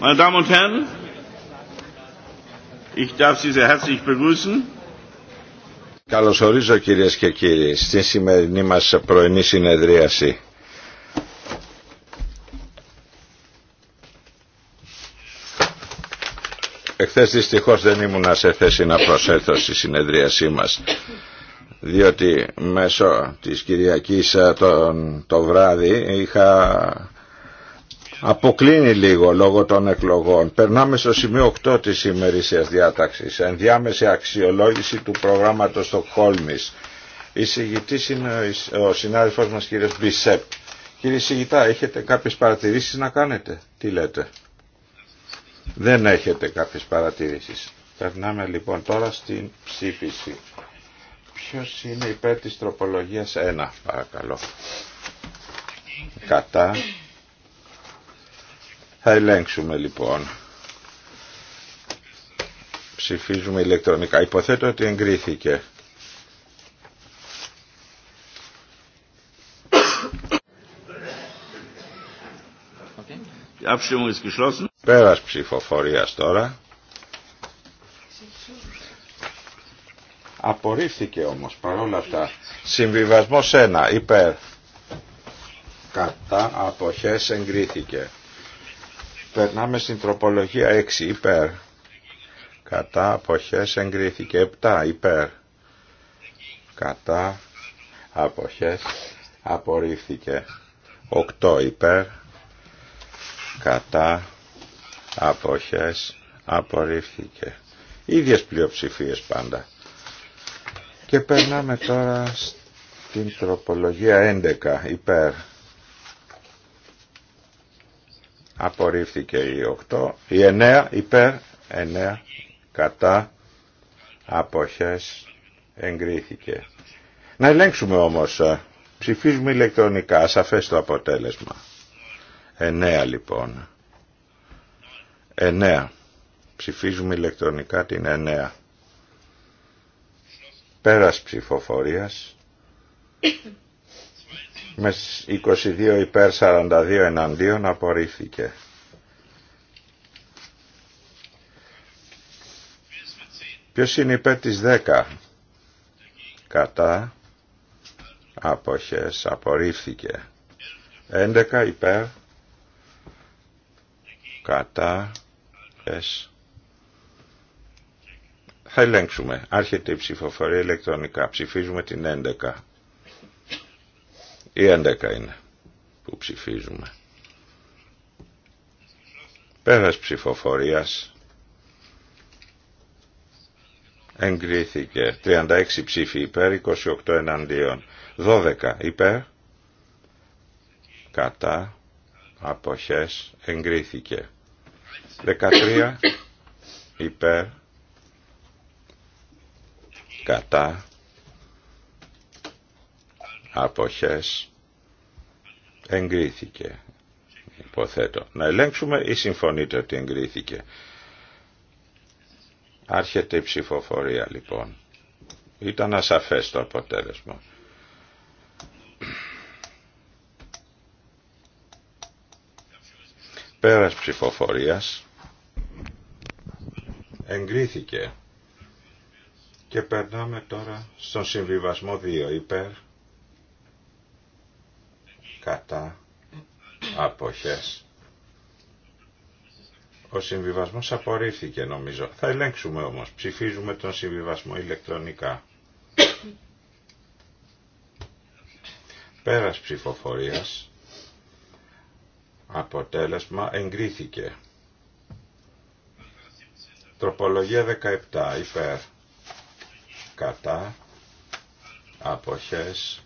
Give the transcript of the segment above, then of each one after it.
Meine Damen und Καλωσορίζω κυρίες και κύριοι στην σημερινή μας πρωινή συνεδρίαση. Εχθές δυστυχώς δεν ήμουν σε θέση να προσέλθω στη συνεδρίασή μας διότι μέσω της Κυριακής ε, το, το βράδυ είχα αποκλίνει λίγο λόγω των εκλογών. Περνάμε στο σημείο 8 της ημερησίας διάταξης. Ενδιάμεση αξιολόγηση του προγράμματος Στοκχόλμης. Η συγητής είναι ο συνάδελφός μας κύριος Μπισέπ. Κύριε συγητά, έχετε κάποιες παρατηρήσεις να κάνετε. Τι λέτε. Δεν έχετε κάποιες παρατηρήσεις. Περνάμε λοιπόν τώρα στην ψήφιση. Ποιος είναι υπέρ της τροπολογίας 1, παρακαλώ. Κατά θα ελέγξουμε λοιπόν. Ψηφίζουμε ηλεκτρονικά. Υποθέτω ότι εγκρίθηκε. Πέρα Πέρας ψηφοφορίας τώρα. Απορρίφθηκε όμως παρόλα αυτά. Συμβιβασμός 1. Υπέρ. Κατά αποχές εγκρίθηκε. Περνάμε στην τροπολογία 6 υπέρ. Κατά αποχές εγκρίθηκε 7 υπέρ. Κατά αποχές απορρίφθηκε 8 υπέρ. Κατά αποχές απορρίφθηκε. Ίδιες πλειοψηφίες πάντα. Και περνάμε τώρα στην τροπολογία 11 υπέρ απορρίφθηκε η 8, η 9 υπέρ, 9 κατά αποχές εγκρίθηκε. Να ελέγξουμε όμως, ε, ψηφίζουμε ηλεκτρονικά, σαφές το αποτέλεσμα. 9 λοιπόν. 9. Ψηφίζουμε ηλεκτρονικά την 9. Πέρας ψηφοφορίας με 22 υπέρ 42 εναντίον απορρίφθηκε. Ποιος είναι υπέρ της 10 κατά άποχες απορρίφθηκε. 11 υπέρ κατά εσ. Θα ελέγξουμε. Άρχεται η ψηφοφορία ηλεκτρονικά. Ψηφίζουμε την 11. Ή 11 είναι που ψηφίζουμε. Πέρας ψηφοφορίας εγκρίθηκε 36 ψήφοι υπέρ, 28 εναντίον, 12 υπέρ, κατά, αποχές, εγκρίθηκε. 13 υπέρ, κατά, αποχές, Εγκρίθηκε. Υποθέτω. Να ελέγξουμε ή συμφωνείτε ότι εγκρίθηκε. Άρχεται η ψηφοφορία λοιπόν. Ήταν ασαφές το αποτέλεσμα. Πέρας ψηφοφορίας εγκρίθηκε και περνάμε τώρα στον συμβιβασμό 2 υπέρ κατά αποχές. Ο συμβιβασμός απορρίφθηκε νομίζω. Θα ελέγξουμε όμως. Ψηφίζουμε τον συμβιβασμό ηλεκτρονικά. Πέρας ψηφοφορίας. Αποτέλεσμα εγκρίθηκε. Τροπολογία 17 υπέρ. Κατά. Αποχές.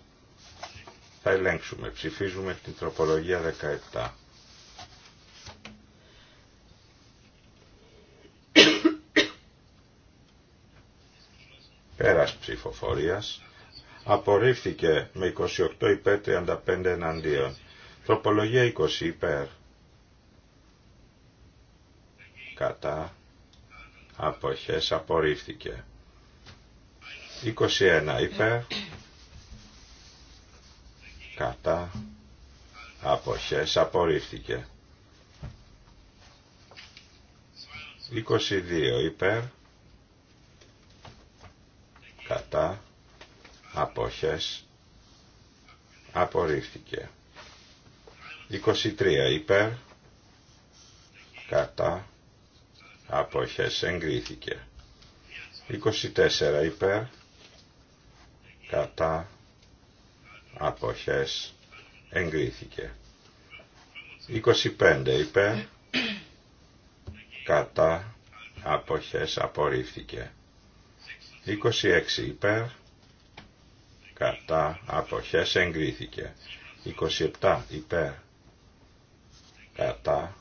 Θα ελέγξουμε. Ψηφίζουμε την τροπολογία 17. Πέρας ψηφοφορίας απορρίφθηκε με 28 υπέρ 35 εναντίον. Τροπολογία 20 υπέρ. Κατά. Αποχές απορρίφθηκε. 21 υπέρ κατά αποχές απορρίφθηκε 22 υπέρ κατά αποχές απορρίφθηκε 23 υπέρ κατά αποχές εγκρίθηκε 24 υπέρ κατά αποχές εγκρίθηκε. 25 υπέρ κατά αποχές απορρίφθηκε. 26 υπέρ κατά αποχές εγκρίθηκε. 27 υπέρ κατά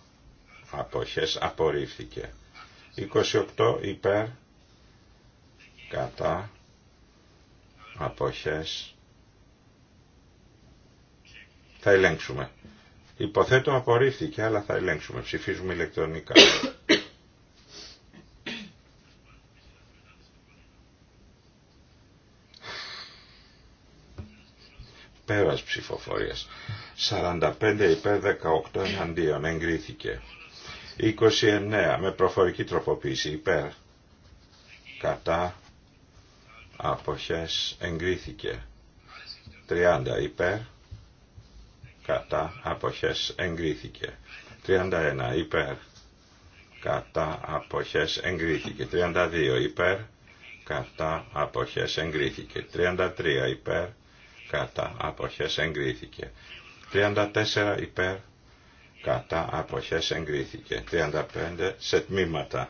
αποχές απορρίφθηκε. 28 υπέρ κατά αποχές θα ελέγξουμε. Υποθέτω απορρίφθηκε, αλλά θα ελέγξουμε. Ψηφίζουμε ηλεκτρονικά. Πέρας ψηφοφορίας. 45 υπέρ 18 εναντίον. Εγκρίθηκε. 29 με προφορική τροποποίηση υπέρ. Κατά. Αποχές. Εγκρίθηκε. 30 υπέρ κατά αποχές εγκρίθηκε. 31 υπέρ κατά αποχές εγκρίθηκε. 32 υπέρ κατά αποχές εγκρίθηκε. 33 υπέρ κατά αποχές εγκρίθηκε. 34 υπέρ κατά αποχές εγκρίθηκε. 35 σε τμήματα.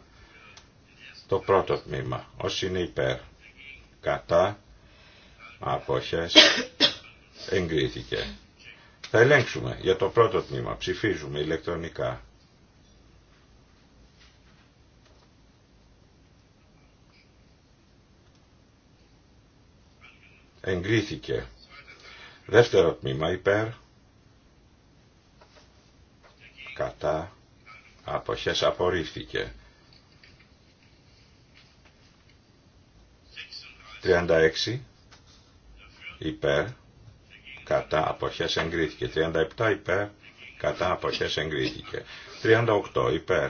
Το πρώτο τμήμα, όσοι είναι υπέρ, κατά αποχές εγκρίθηκε. Θα ελέγξουμε για το πρώτο τμήμα. Ψηφίζουμε ηλεκτρονικά. Εγκρίθηκε. Δεύτερο τμήμα υπέρ. Κατά. Αποχές απορρίφθηκε. 36 υπέρ κατά αποχές εγκρίθηκε. 37 υπέρ κατά αποχές εγκρίθηκε. 38 υπέρ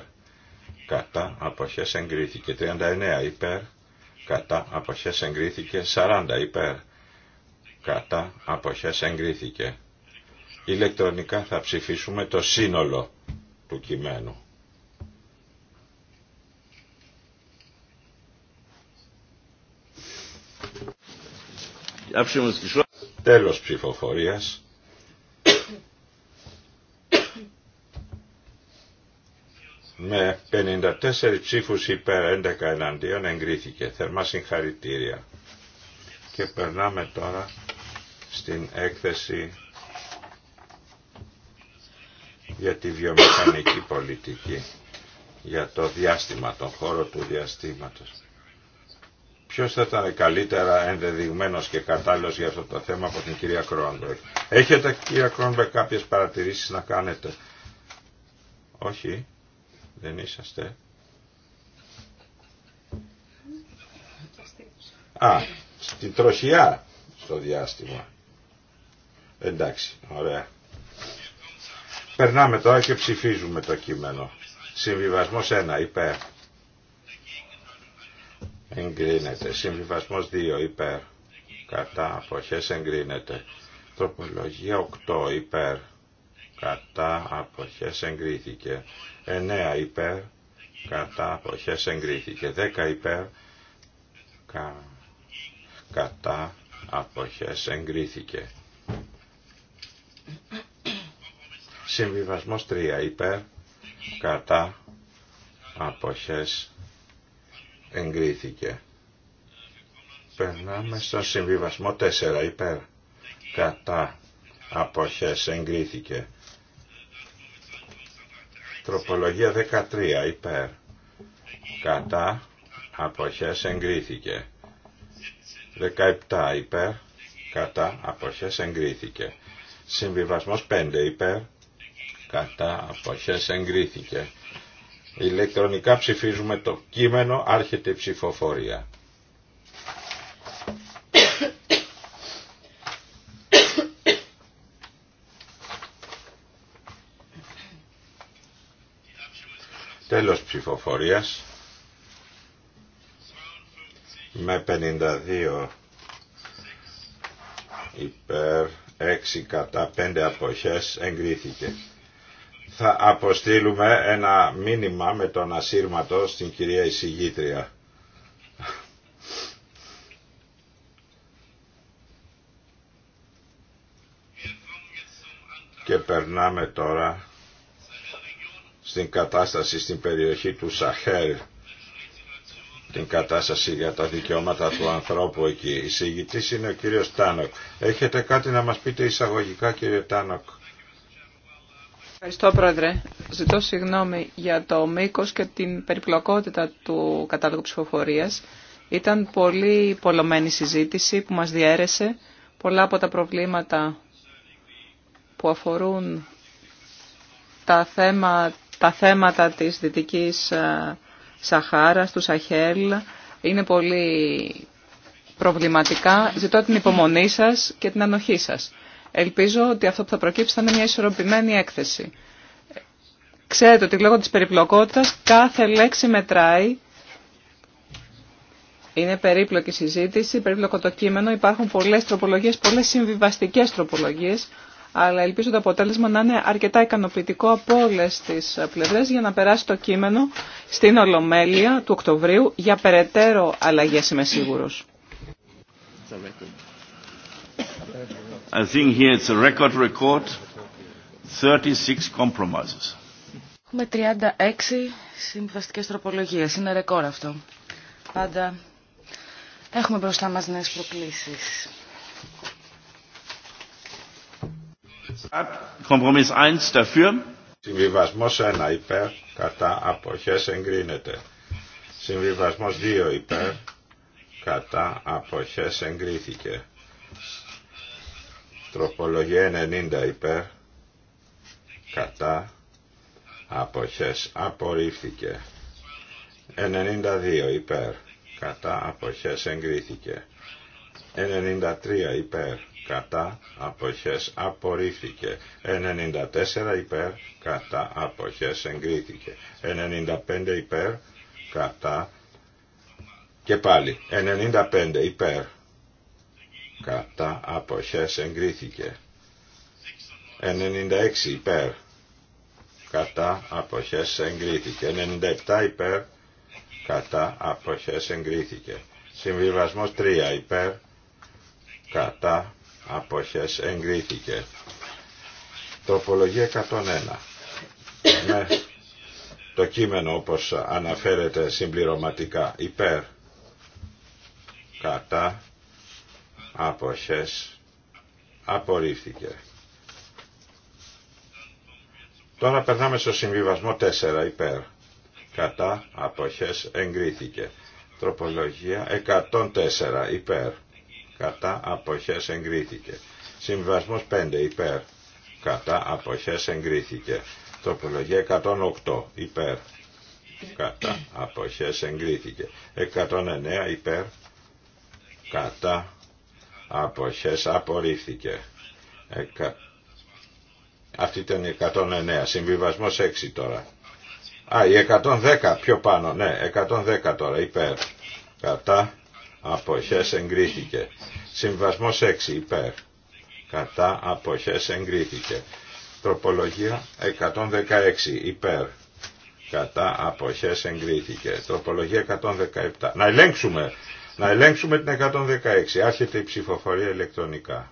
κατά αποχές εγκρίθηκε. 39 υπέρ κατά αποχές εγκρίθηκε. 40 υπέρ κατά αποχές εγκρίθηκε. Ηλεκτρονικά θα ψηφίσουμε το σύνολο του κειμένου. Τέλος ψηφοφορίας. Με 54 ψήφους υπέρ 11 εναντίον εγκρίθηκε. Θερμά συγχαρητήρια. Και περνάμε τώρα στην έκθεση για τη βιομηχανική πολιτική, για το διάστημα, τον χώρο του διαστήματος. Ποιο θα ήταν καλύτερα ενδεδειγμένο και κατάλληλο για αυτό το θέμα από την κυρία Κρόνμπεκ. Έχετε κυρία Κρόνμπεκ κάποιες παρατηρήσεις να κάνετε. Όχι, δεν είσαστε. Α, στην τροχιά στο διάστημα. Εντάξει, ωραία. Περνάμε τώρα και ψηφίζουμε το κείμενο. Συμβιβασμός 1, υπέρ εγκρίνεται. Συμβιβασμό 2 υπέρ κατά αποχέ εγκρίνεται. Τροπολογία 8 υπέρ κατά αποχέ εγκρίθηκε. 9 υπέρ κατά αποχέ εγκρίθηκε. 10 υπέρ κα, κατά απόχέ εγκρίθηκε. Συμβιβασμός 3 υπέρ κατά αποχές εγκρίθηκε. Περνάμε στον συμβιβασμό 4 υπέρ κατά αποχές εγκρίθηκε. Τροπολογία 13 υπέρ κατά αποχές εγκρίθηκε. 17 υπέρ κατά αποχές εγκρίθηκε. Συμβιβασμός 5 υπέρ κατά αποχές εγκρίθηκε. Ηλεκτρονικά ψηφίζουμε το κείμενο, άρχεται ψηφοφορία. Τέλος ψηφοφορίας με 52 υπέρ 6 κατά 5 αποχές εγκρίθηκε θα αποστείλουμε ένα μήνυμα με τον ασύρματο στην κυρία εισηγήτρια. Και περνάμε τώρα στην κατάσταση στην περιοχή του Σαχέρ την κατάσταση για τα δικαιώματα του ανθρώπου εκεί. Η είναι ο κύριος Τάνοκ. Έχετε κάτι να μας πείτε εισαγωγικά κύριε Τάνοκ. Ευχαριστώ, Πρόεδρε. Ζητώ συγγνώμη για το μήκος και την περιπλοκότητα του κατάλογου ψηφοφορία. Ήταν πολύ πολλωμένη συζήτηση που μας διέρεσε. Πολλά από τα προβλήματα που αφορούν τα, τα θέματα της Δυτικής ε, Σαχάρας, του Σαχέλ, είναι πολύ προβληματικά. Ζητώ την υπομονή σας και την ανοχή σας. Ελπίζω ότι αυτό που θα προκύψει θα είναι μια ισορροπημένη έκθεση. Ξέρετε ότι λόγω της περιπλοκότητας κάθε λέξη μετράει. Είναι περίπλοκη συζήτηση, περίπλοκο το κείμενο, υπάρχουν πολλές τροπολογίες, πολλές συμβιβαστικές τροπολογίες, αλλά ελπίζω το αποτέλεσμα να είναι αρκετά ικανοποιητικό από όλε τι πλευρέ για να περάσει το κείμενο στην Ολομέλεια του Οκτωβρίου για περαιτέρω αλλαγές είμαι σίγουρος. I think here it's a record record. 36 compromises. Έχουμε 36 συμβαστικές τροπολογίες. Είναι ρεκόρ αυτό. Πάντα έχουμε μπροστά μας νέες προκλήσεις. Kompromiss 1 dafür. Συμβιβασμός 1 υπέρ, κατά αποχές εγκρίνεται. Συμβιβασμός 2 υπέρ, κατά αποχές εγκρίθηκε. Τροπολογία 90 υπέρ. Κατά. Αποχές. Απορρίφθηκε. 92 υπέρ. Κατά. Αποχές. Εγκρίθηκε. 93 υπέρ. Κατά. Αποχές. Απορρίφθηκε. 94 υπέρ. Κατά. Αποχές. Εγκρίθηκε. 95 υπέρ. Κατά. Και πάλι. 95 υπέρ κατά αποχές εγκρίθηκε 96 υπέρ κατά αποχές εγκρίθηκε 97 υπέρ κατά αποχές εγκρίθηκε συμβιβασμός 3 υπέρ κατά αποχές εγκρίθηκε τροπολογία 101 με ναι. το κείμενο όπως αναφέρεται συμπληρωματικά υπέρ κατά αποχές απορρίφθηκε. Τώρα περνάμε στο συμβιβασμό 4 υπέρ. Κατά αποχές εγκρίθηκε. Τροπολογία 104 υπέρ. Κατά αποχές εγκρίθηκε. Συμβιβασμός 5 υπέρ. Κατά αποχές εγκρίθηκε. Τροπολογία 108 υπέρ. Κατά αποχές εγκρίθηκε. 109 υπέρ. Κατά αποχές απορρίφθηκε. Εκα... Αυτή ήταν η 109, συμβιβασμός 6 τώρα. Α, η 110 πιο πάνω, ναι, 110 τώρα, υπέρ. Κατά, αποχές εγκρίθηκε. Συμβιβασμός 6, υπέρ. Κατά, αποχές εγκρίθηκε. Τροπολογία 116, υπέρ κατά αποχές εγκρίθηκε. Τροπολογία 117. Να ελέγξουμε, να ελέγξουμε την 116. Άρχεται η ψηφοφορία ηλεκτρονικά.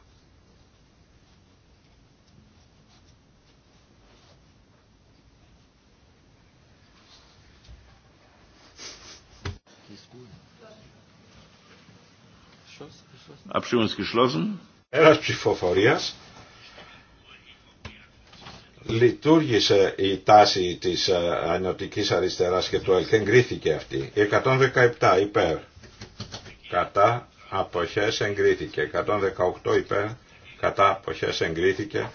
Abstimmung ist ψηφοφορίας λειτουργήσε η τάση της ε, ανωτικής αριστεράς και του ΕΛΚ, εγκρίθηκε αυτή. 117 υπέρ, κατά αποχές εγκρίθηκε. 118 υπέρ, κατά αποχές εγκρίθηκε.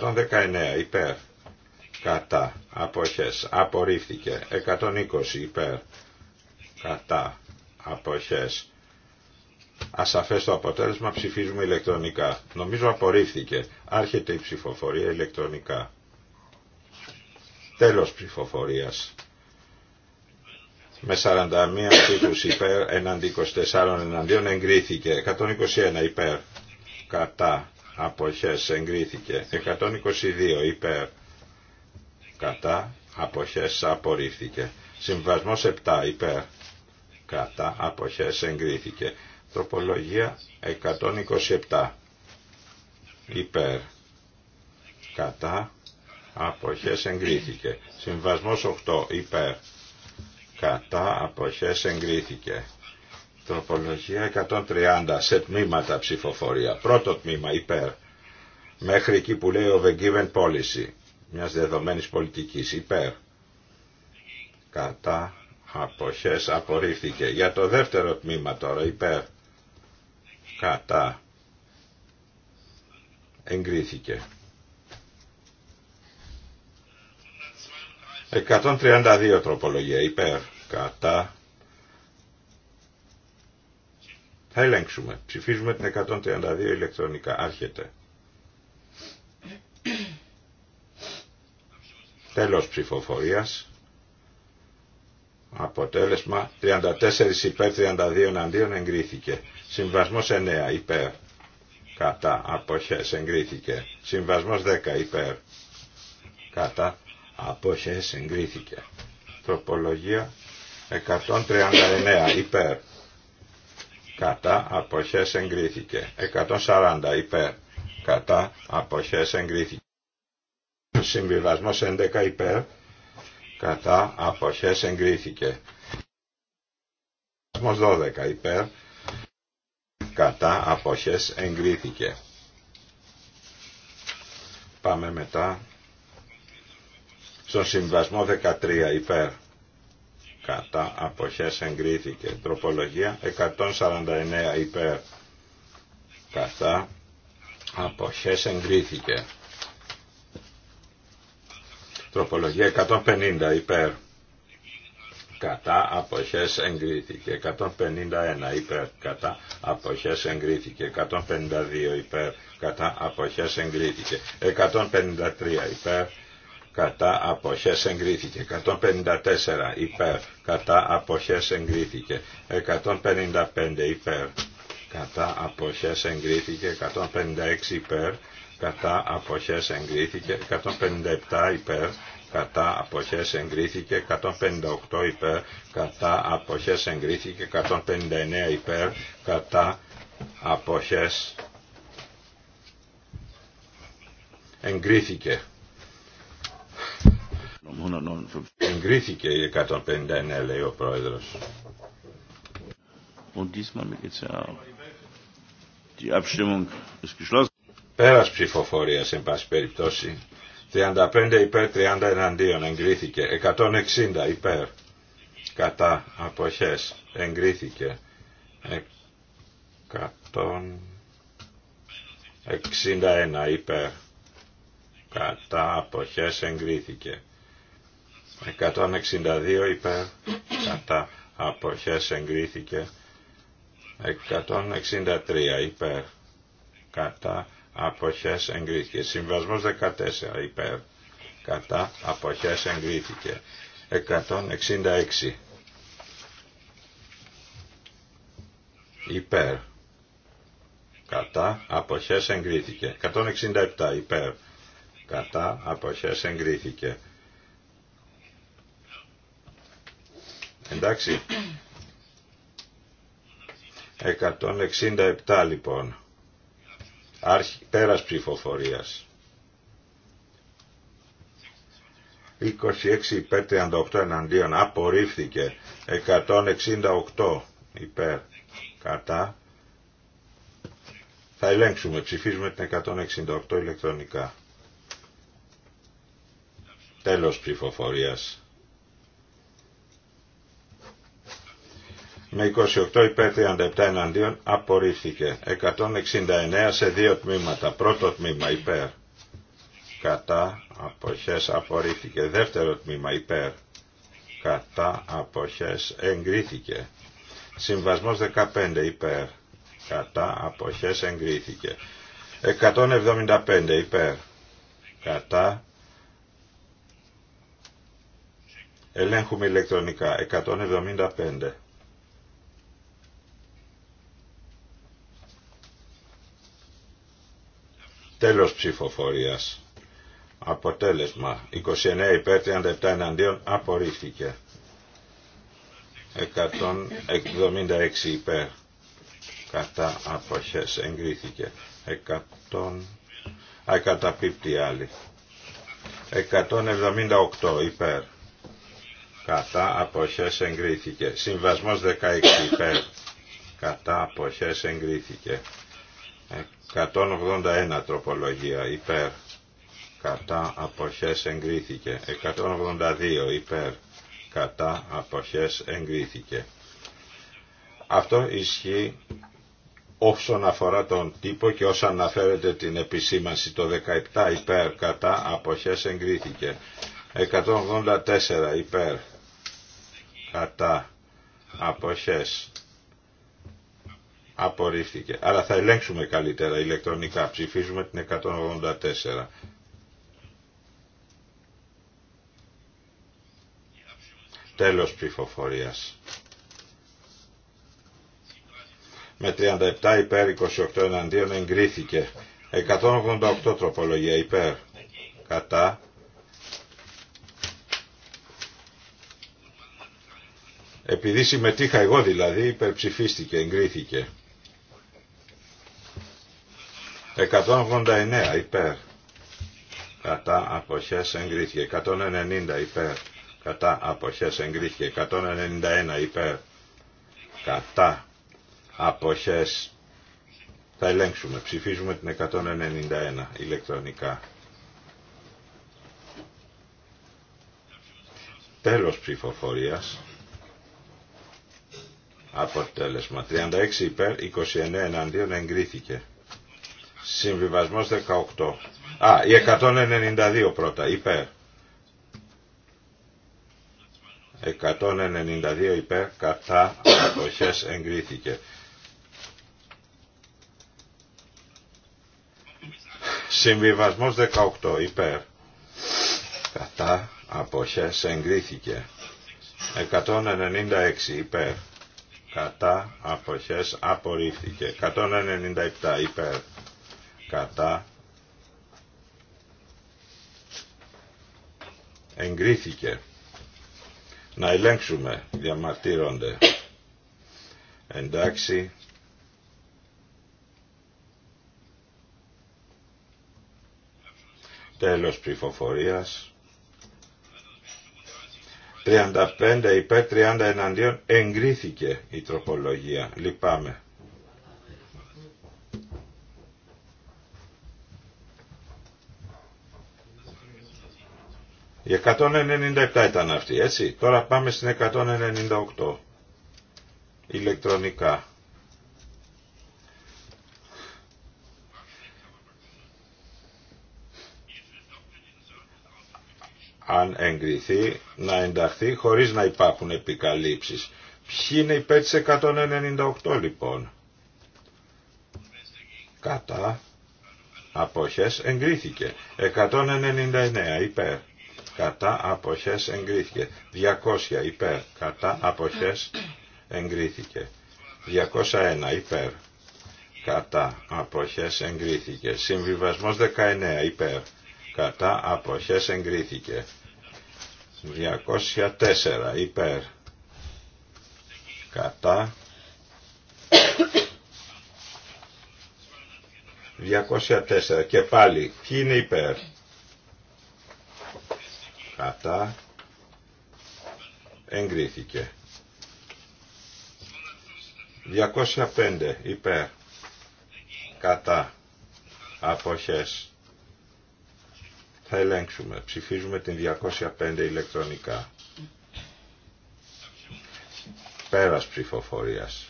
119 υπέρ, κατά αποχές απορρίφθηκε. 120 υπέρ, κατά αποχές. Ασαφές το αποτέλεσμα ψηφίζουμε ηλεκτρονικά. Νομίζω απορρίφθηκε. Άρχεται η ψηφοφορία ηλεκτρονικά. Τέλος ψηφοφορίας. Με 41 ψήφους υπέρ, εναντί 24 εναντίον εγκρίθηκε. 121 υπέρ, κατά, αποχές εγκρίθηκε. 122 υπέρ, κατά, αποχές απορρίφθηκε. Συμβασμός 7 υπέρ, κατά, αποχές εγκρίθηκε. Τροπολογία 127 υπέρ, κατά, αποχές εγκρίθηκε. Συμβασμός 8 υπέρ κατά αποχές εγκρίθηκε. Τροπολογία 130 σε τμήματα ψηφοφορία. Πρώτο τμήμα υπέρ μέχρι εκεί που λέει ο given policy μιας δεδομένης πολιτικής υπέρ κατά αποχές απορρίφθηκε. Για το δεύτερο τμήμα τώρα υπέρ κατά εγκρίθηκε. 132 τροπολογία υπέρ κατά θα ελέγξουμε ψηφίζουμε την 132 ηλεκτρονικά άρχεται τέλος ψηφοφορίας αποτέλεσμα 34 υπέρ 32 εναντίον εγκρίθηκε συμβασμός 9 υπέρ κατά αποχές εγκρίθηκε συμβασμός 10 υπέρ κατά αποχές εγκρίθηκε. Τροπολογία 139 υπέρ. Κατά αποχές εγκρίθηκε. 140 υπέρ. Κατά αποχές εγκρίθηκε. Συμβιβασμός 11 υπέρ. Κατά αποχές εγκρίθηκε. Συμβιβασμός 12 υπέρ. Κατά αποχές εγκρίθηκε. Πάμε μετά στον συμβασμό 13 υπέρ κατά αποχές εγκρίθηκε. Τροπολογία 149 υπέρ κατά αποχές εγκρίθηκε. Τροπολογία 150 υπέρ κατά αποχές εγκρίθηκε 151 υπέρ κατά αποχές εγκρίθηκε 152 υπέρ κατά αποχές εγκρίθηκε 153 υπέρ κατά αποχές εγκρίθηκε. 154 υπέρ, κατά αποχές εγκρίθηκε. 155 υπέρ, κατά αποχές εγκρίθηκε. 156 υπέρ, κατά αποχές εγκρίθηκε. 157 υπέρ, κατά αποχές εγκρίθηκε 158 υπέρ, κατά αποχές εγκρίθηκε 159 υπέρ, κατά αποχές εγκρίθηκε. Εγκρίθηκε η 159 λέει ο πρόεδρο. Πέρα ψηφοφορία εν πάση περιπτώσει. 35 υπέρ 30 εναντίον εγκρίθηκε. 160 υπέρ κατά αποχέ εγκρίθηκε. 161 υπέρ κατά αποχές εγκρίθηκε. 162 υπέρ κατά αποχές εγκρίθηκε 163 υπέρ κατά αποχές εγκρίθηκε συμβασμός 14 υπέρ κατά αποχές εγκρίθηκε 166 υπέρ κατά αποχές εγκρίθηκε 167 υπέρ κατά αποχές εγκρίθηκε Εντάξει. 167 λοιπόν. Άρχι, πέρας ψηφοφορίας. 26 υπέρ 38 εναντίον. Απορρίφθηκε. 168 υπέρ. Κατά. Θα ελέγξουμε. Ψηφίζουμε την 168 ηλεκτρονικά. Τέλος ψηφοφορίας. με 28 υπέρ 37 εναντίον απορρίφθηκε. 169 σε δύο τμήματα. Πρώτο τμήμα υπέρ. Κατά αποχές απορρίφθηκε. Δεύτερο τμήμα υπέρ. Κατά αποχές εγκρίθηκε. Συμβασμός 15 υπέρ. Κατά αποχές εγκρίθηκε. 175 υπέρ. Κατά ελέγχουμε ηλεκτρονικά. 175. Τέλος ψηφοφορίας. Αποτέλεσμα. 29 υπέρ 37 εναντίον απορρίφθηκε. 176 υπέρ. Κατά αποχές εγκρίθηκε. 100... καταπίπτει άλλη. 178 υπέρ. Κατά αποχές εγκρίθηκε. Συμβασμός 16 υπέρ. Κατά αποχές εγκρίθηκε. 181 τροπολογία υπέρ κατά αποχές εγκρίθηκε 182 υπέρ κατά αποχές εγκρίθηκε αυτό ισχύει όσον αφορά τον τύπο και όσον αναφέρεται την επισήμανση το 17 υπέρ κατά αποχές εγκρίθηκε 184 υπέρ κατά αποχές Απορρίφθηκε. Αλλά θα ελέγξουμε καλύτερα ηλεκτρονικά. Ψηφίζουμε την 184. Τέλος ψηφοφορίας. Με 37 υπέρ 28 εναντίον εγκρίθηκε. 188 τροπολογία υπέρ. Κατά. Επειδή συμμετείχα εγώ δηλαδή υπερψηφίστηκε, εγκρίθηκε. 189 υπέρ. Κατά αποχές εγκρίθηκε. 190 υπέρ. Κατά αποχές εγκρίθηκε. 191 υπέρ. Κατά αποχές. Θα ελέγξουμε. Ψηφίζουμε την 191 ηλεκτρονικά. Τέλος ψηφοφορίας. Αποτέλεσμα. 36 υπέρ, 29 εναντίον εγκρίθηκε. Συμβιβασμός 18. Α, η 192 πρώτα, υπέρ. 192 υπέρ, κατά, αποχές εγκρίθηκε. Συμβιβασμός 18 υπέρ, κατά, αποχές εγκρίθηκε. 196 υπέρ, κατά, αποχές απορρίφθηκε. 197 υπέρ κατά εγκρίθηκε να ελέγξουμε διαμαρτύρονται εντάξει τέλος ψηφοφορίας 35 υπέρ 30 εναντίον εγκρίθηκε η τροπολογία λυπάμαι Η 197 ήταν αυτή, έτσι. Τώρα πάμε στην 198. Ηλεκτρονικά. Αν εγκριθεί, να ενταχθεί χωρίς να υπάρχουν επικαλύψεις. Ποιοι είναι υπέρ της 198 λοιπόν. Κατά. Απόχες εγκρίθηκε. 199 υπέρ κατά αποχές εγκρίθηκε. 200 υπέρ κατά αποχές εγκρίθηκε. 201 υπέρ κατά αποχές εγκρίθηκε. Συμβιβασμός 19 υπέρ κατά αποχές εγκρίθηκε. 204 υπέρ κατά 204 και πάλι ποιοι είναι υπέρ Κατά. Εγκρίθηκε. 205 υπέρ. Κατά. Αποχές. Θα ελέγξουμε. Ψηφίζουμε την 205 ηλεκτρονικά. Πέρας ψηφοφορίας.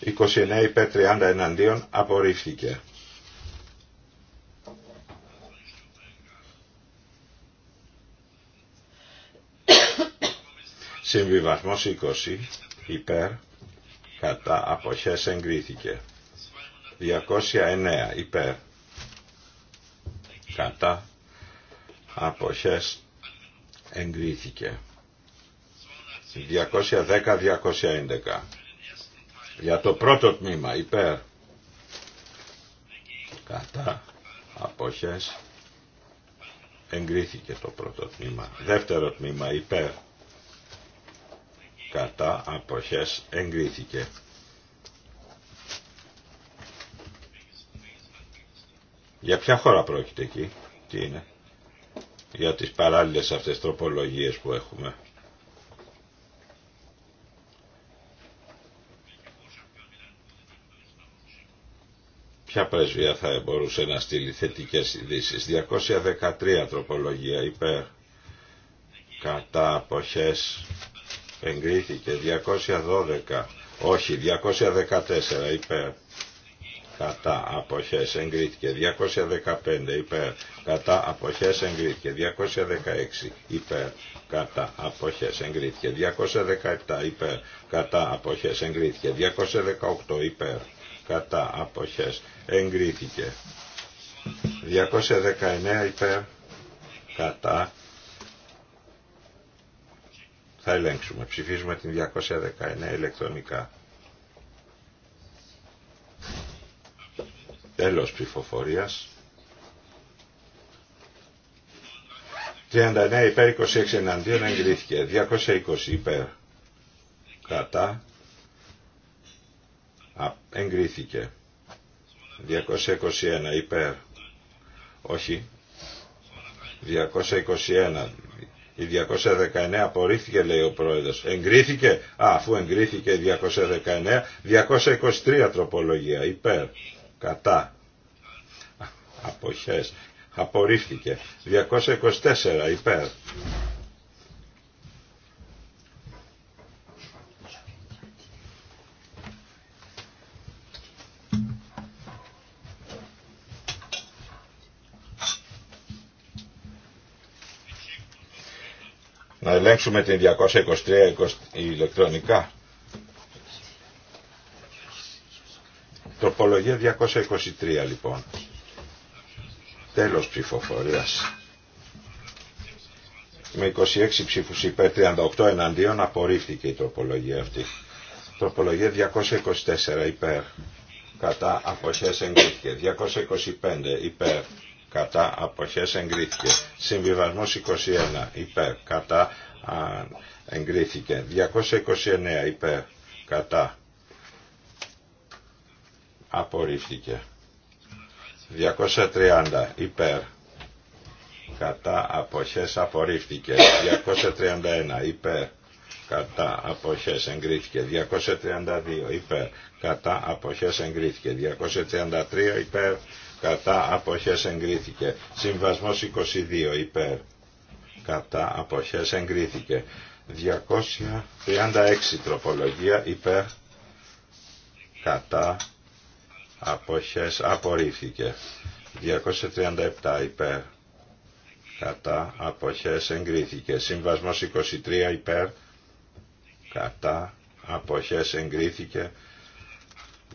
29 υπέρ 30 εναντίον απορρίφθηκε. Συμβιβασμός 20 υπέρ κατά αποχές εγκρίθηκε. 209 υπέρ κατά αποχές εγκρίθηκε. 210-211 για το πρώτο τμήμα υπέρ κατά αποχές εγκρίθηκε το πρώτο τμήμα. Δεύτερο τμήμα υπέρ κατά αποχές εγκρίθηκε. Για ποια χώρα πρόκειται εκεί, τι είναι, για τις παράλληλες αυτές τροπολογίες που έχουμε. Ποια πρεσβεία θα μπορούσε να στείλει θετικές ειδήσει. 213 τροπολογία υπέρ κατά αποχές εγκρίθηκε 212 όχι 214 υπέρ κατά αποχές εγκρίθηκε 215 υπέρ κατά αποχές εγκρίθηκε 216 υπέρ κατά αποχές εγκρίθηκε 217 υπέρ κατά αποχές εγκρίθηκε 218 υπέρ κατά αποχές εγκρίθηκε 219 υπέρ κατά θα ελέγξουμε. Ψηφίζουμε την 219 ηλεκτρονικά. Τέλος ψηφοφορίας. 39 υπέρ 26 εναντίον εγκρίθηκε. 220 υπέρ. Κατά. Α, εγκρίθηκε. 221 υπέρ. Όχι. 221 η 219 απορρίφθηκε λέει ο πρόεδρος. Εγκρίθηκε. Α, αφού εγκρίθηκε η 219, 223 τροπολογία. Υπέρ. Κατά. Αποχές. Απορρίφθηκε. 224 υπέρ. ελέγξουμε την 223 ηλεκτρονικά. Τροπολογία 223 λοιπόν. Τέλος ψηφοφορίας. Με 26 ψήφους υπέρ 38 εναντίον απορρίφθηκε η τροπολογία αυτή. Τροπολογία 224 υπέρ. Κατά αποχές εγκρίθηκε. 225 υπέρ. Κατά αποχές εγκρίθηκε. Συμβιβασμός 21 υπέρ. Κατά εγκρίθηκε. 229 υπέρ κατά απορρίφθηκε. 230 υπέρ κατά αποχές απορρίφθηκε. 231 υπέρ κατά αποχές εγκρίθηκε. 232 υπέρ κατά αποχές εγκρίθηκε. 233 υπέρ κατά αποχές εγκρίθηκε. Συμβασμός 22 υπέρ κατά αποχές εγκρίθηκε. 236 τροπολογία υπέρ κατά αποχές απορρίφθηκε. 237 υπέρ κατά αποχές εγκρίθηκε. Σύμβασμος 23 υπέρ κατά αποχές εγκρίθηκε.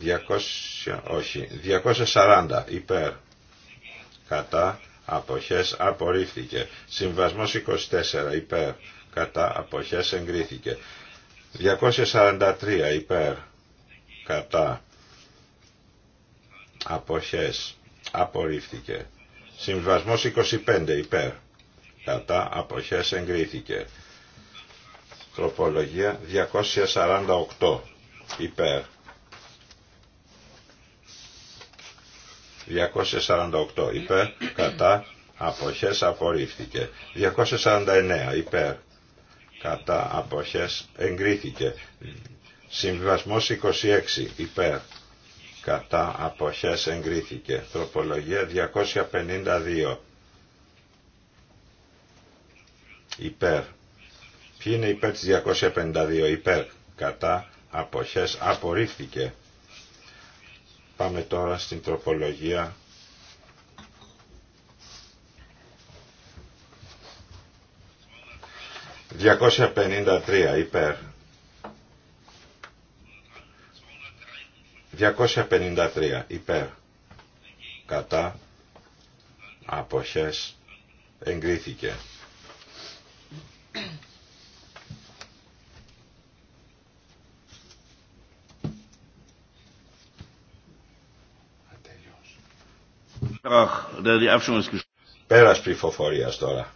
200, 240 υπέρ κατά αποχές απορρίφθηκε. Συμβασμός 24 υπέρ κατά αποχές εγκρίθηκε. 243 υπέρ κατά αποχές απορρίφθηκε. Συμβασμός 25 υπέρ κατά αποχές εγκρίθηκε. Τροπολογία 248 υπέρ 248 υπέρ, κατά, αποχές απορρίφθηκε. 249 υπέρ, κατά, αποχές εγκρίθηκε. Συμβιβασμός 26 υπέρ, κατά, αποχές εγκρίθηκε. Τροπολογία 252 υπέρ. Ποιοι είναι υπέρ της 252 υπέρ, κατά, αποχές απορρίφθηκε. Πάμε τώρα στην τροπολογία 253 υπέρ. 253 υπέρ. Κατά. Αποχές. Εγκρίθηκε. Πέρας ψηφοφορίας τώρα.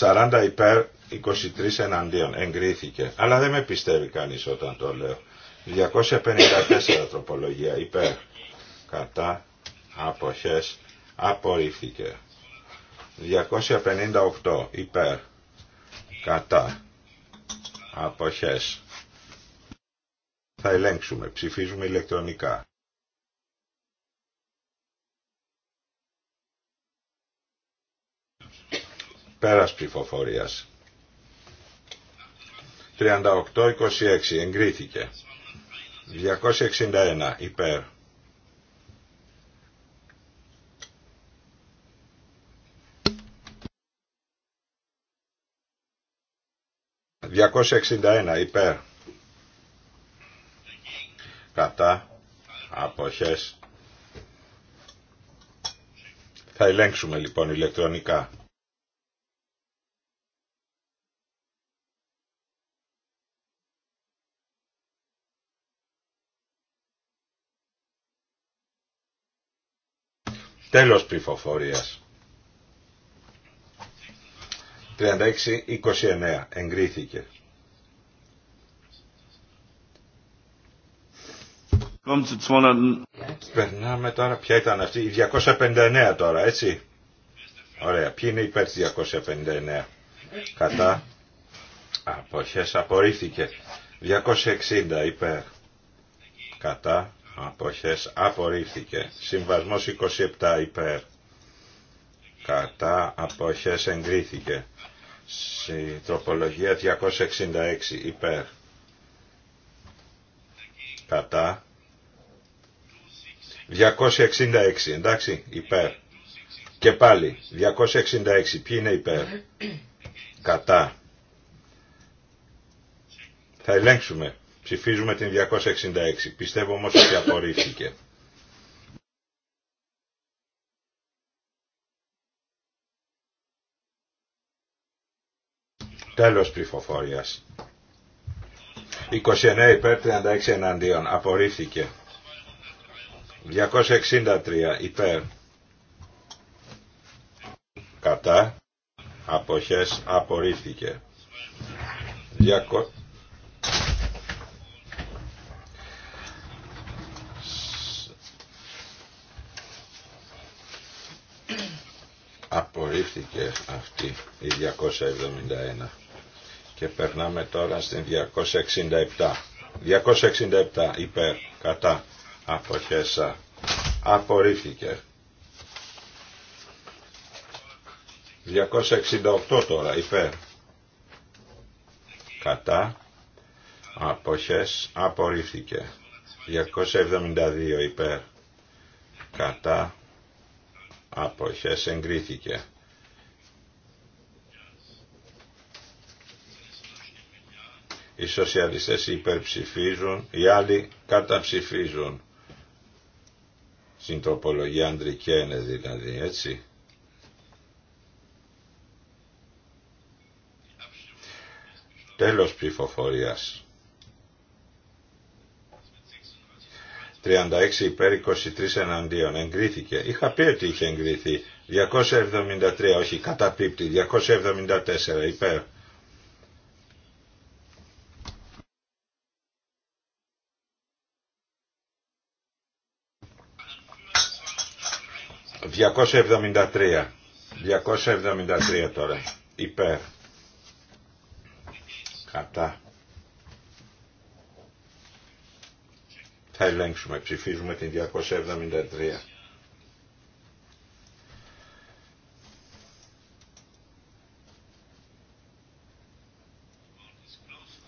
40 υπέρ, 23 εναντίον. Εγκρίθηκε. Αλλά δεν με πιστεύει κανείς όταν το λέω. 254 τροπολογία υπέρ. Κατά αποχές απορρίφθηκε. 258 υπέρ. Κατά αποχές. Θα ελέγξουμε. Ψηφίζουμε ηλεκτρονικά. Πέρας ψηφοφορίας. 38-26 εγκρίθηκε. 261 υπέρ. ...261 υπέρ... ...κατά... ...αποχές... ...θα ελέγξουμε λοιπόν ηλεκτρονικά... τελος πληροφορια ψηφοφορίας. 36-29 εγκρίθηκε. Περνάμε τώρα, ποια ήταν αυτή, η 259 τώρα, έτσι. Ωραία, ποιοι είναι υπέρ 259. Κατά, αποχές, απορρίφθηκε. 260 υπέρ. Κατά, αποχές απορρίφθηκε. Συμβασμός 27 υπέρ. Κατά αποχές εγκρίθηκε. Συντροπολογία 266 υπέρ. Κατά. 266 εντάξει υπέρ. Και πάλι 266 ποιοι είναι υπέρ. Κατά. Θα ελέγξουμε. Ψηφίζουμε την 266. Πιστεύω όμως ότι απορρίφθηκε. Τέλος ψηφοφόρειας. 29 υπέρ 36 εναντίον. Απορρίφθηκε. 263 υπέρ. Κατά. Αποχές απορρίφθηκε. 200... απορρίφθηκε αυτή η 271 και περνάμε τώρα στην 267 267 υπέρ κατά Αποχέσα. απορρίφθηκε 268 τώρα υπέρ κατά αποχές απορρίφθηκε 272 υπέρ κατά αποχές εγκρίθηκε Οι σοσιαλιστές υπερψηφίζουν, οι άλλοι καταψηφίζουν. Στην τροπολογία αντρικένε δηλαδή, έτσι. Τέλος ψηφοφορίας. 36 υπέρ 23 εναντίον. Εγκρίθηκε. Είχα πει ότι είχε εγκριθεί. 273, όχι, καταπίπτει. 274 υπέρ. 273. 273 τώρα. Υπέρ. Κατά. Θα ελέγξουμε. Ψηφίζουμε την 273.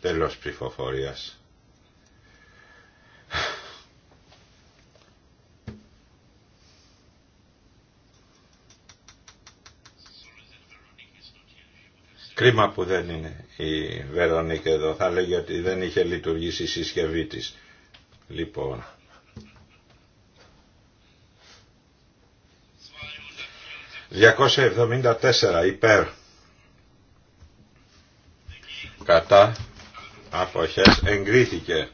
Τέλος ψηφοφορίας. Κρίμα που δεν είναι η Βερονίκη εδώ. Θα λέγει ότι δεν είχε λειτουργήσει η συσκευή της. Λοιπόν. 274 υπέρ. Κατά. Αποχές εγκρίθηκε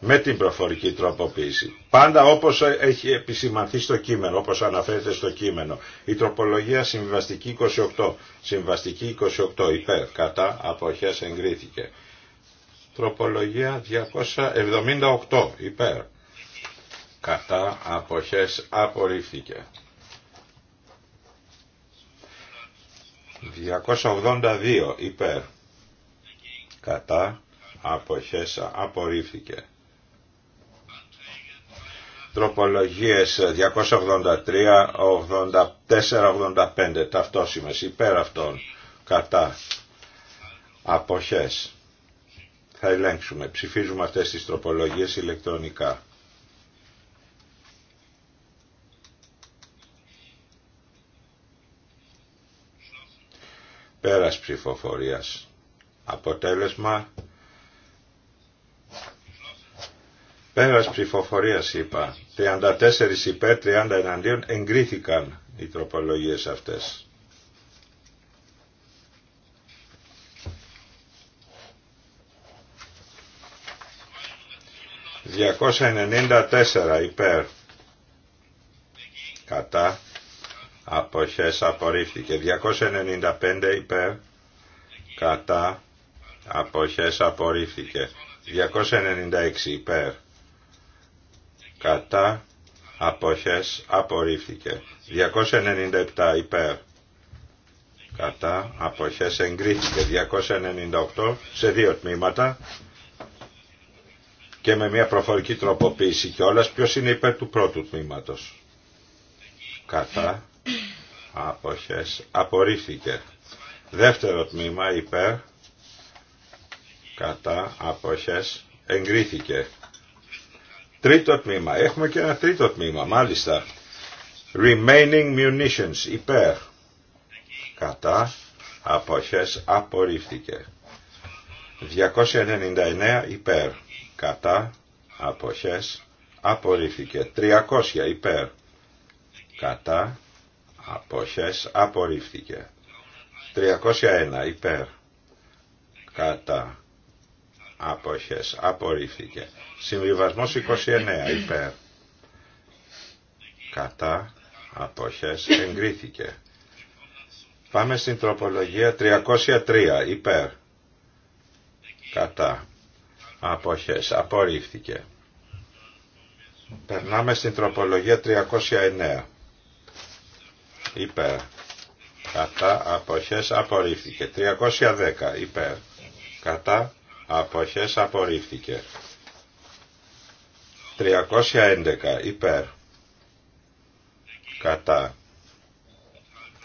με την προφορική τροποποίηση. Πάντα όπως έχει επισημανθεί στο κείμενο, όπως αναφέρεται στο κείμενο. Η τροπολογία συμβαστική 28. Συμβαστική 28 υπέρ, κατά, αποχές εγκρίθηκε. Τροπολογία 278 υπέρ, κατά, αποχές απορρίφθηκε. 282 υπέρ, κατά, αποχές απορρίφθηκε τροπολογίες 283, 84, 85 Ταυτόσημες υπέρ αυτών κατά αποχές. Θα ελέγξουμε. Ψηφίζουμε αυτές τις τροπολογίες ηλεκτρονικά. Πέρας ψηφοφορίας. Αποτέλεσμα Πέρας ψηφοφορίας είπα. 34 υπέρ, 30 εναντίον εγκρίθηκαν οι τροπολογίες αυτές. ...294 υπέρ... ...κατά... ...αποχές απορρίφθηκε... ...295 υπέρ... ...κατά... ...αποχές απορρίφθηκε... ...296 υπέρ κατά αποχές απορρίφθηκε. 297 υπέρ κατά αποχές εγκρίθηκε. 298 σε δύο τμήματα και με μια προφορική τροποποίηση κιόλας ποιος είναι υπέρ του πρώτου τμήματος. Κατά αποχές απορρίφθηκε. Δεύτερο τμήμα υπέρ κατά αποχές εγκρίθηκε. Τρίτο τμήμα. Έχουμε και ένα τρίτο τμήμα, μάλιστα. Remaining munitions, υπέρ. Κατά, αποχές, απορρίφθηκε. 299 υπέρ. Κατά, αποχές, απορρίφθηκε. 300 υπέρ. Κατά, αποχές, απορρίφθηκε. 301 υπέρ. Κατά, αποχές απορρίφθηκε. Συμβιβασμός 29 υπέρ κατά αποχές εγκρίθηκε. Πάμε στην τροπολογία 303 υπέρ κατά αποχές απορρίφθηκε. Περνάμε στην τροπολογία 309 υπέρ κατά αποχές απορρίφθηκε. 310 υπέρ κατά αποχές απορρίφθηκε. 311 υπέρ κατά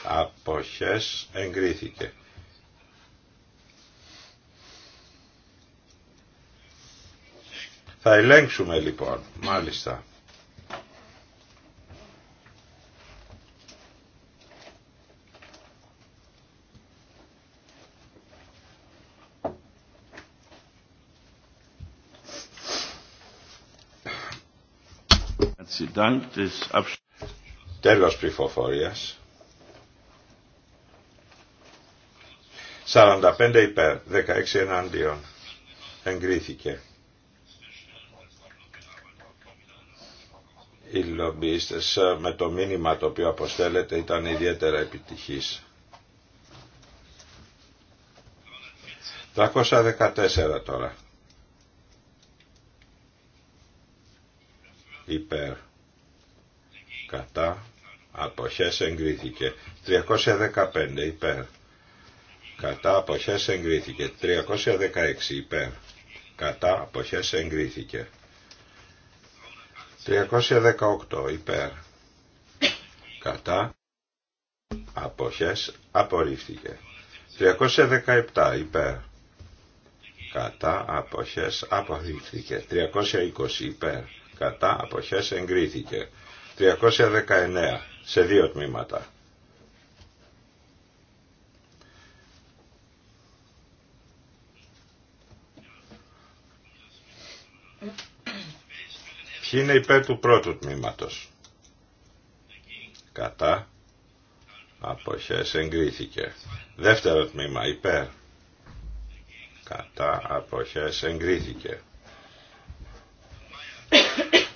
αποχές εγκρίθηκε. Θα ελέγξουμε λοιπόν, μάλιστα. Τέλος ψηφοφορίας. 45 υπέρ, 16 εναντίον. Εγκρίθηκε. Οι λομπίστες ε, με το μήνυμα το οποίο αποστέλλεται ήταν ιδιαίτερα επιτυχής. 314 τώρα. υπέρ κατά αποχές εγκρίθηκε 315 υπέρ κατά αποχές εγκρίθηκε 316 υπέρ κατά αποχές εγκρίθηκε 318 υπέρ κατά αποχές απορρίφθηκε 317 υπέρ κατά αποχές απορρίφθηκε 320 υπέρ κατά αποχές εγκρίθηκε. 319 σε δύο τμήματα. Ποιοι είναι υπέρ του πρώτου τμήματος. Κατά αποχές εγκρίθηκε. Δεύτερο τμήμα υπέρ. Κατά αποχές εγκρίθηκε.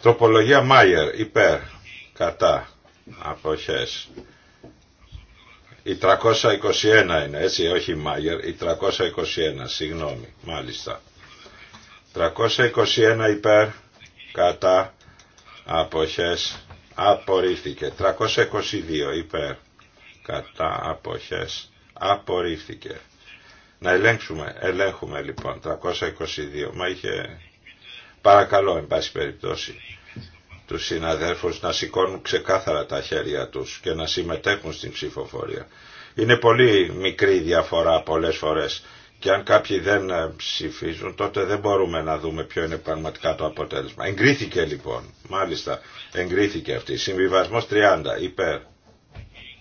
Τροπολογία Μάιερ, υπέρ, κατά, αποχές. Η 321 είναι, έτσι, όχι η Μάιερ, η 321, συγγνώμη, μάλιστα. 321 υπέρ, κατά, αποχές, απορρίφθηκε. 322 υπέρ, κατά, αποχές, απορρίφθηκε. Να ελέγξουμε, ελέγχουμε λοιπόν, 322, μα είχε Παρακαλώ, εν πάση περιπτώσει, τους συναδέρφους να σηκώνουν ξεκάθαρα τα χέρια τους και να συμμετέχουν στην ψηφοφορία. Είναι πολύ μικρή η διαφορά πολλές φορές και αν κάποιοι δεν ε, ψηφίζουν τότε δεν μπορούμε να δούμε ποιο είναι πραγματικά το αποτέλεσμα. Εγκρίθηκε λοιπόν, μάλιστα, εγκρίθηκε αυτή. Συμβιβασμός 30, υπέρ,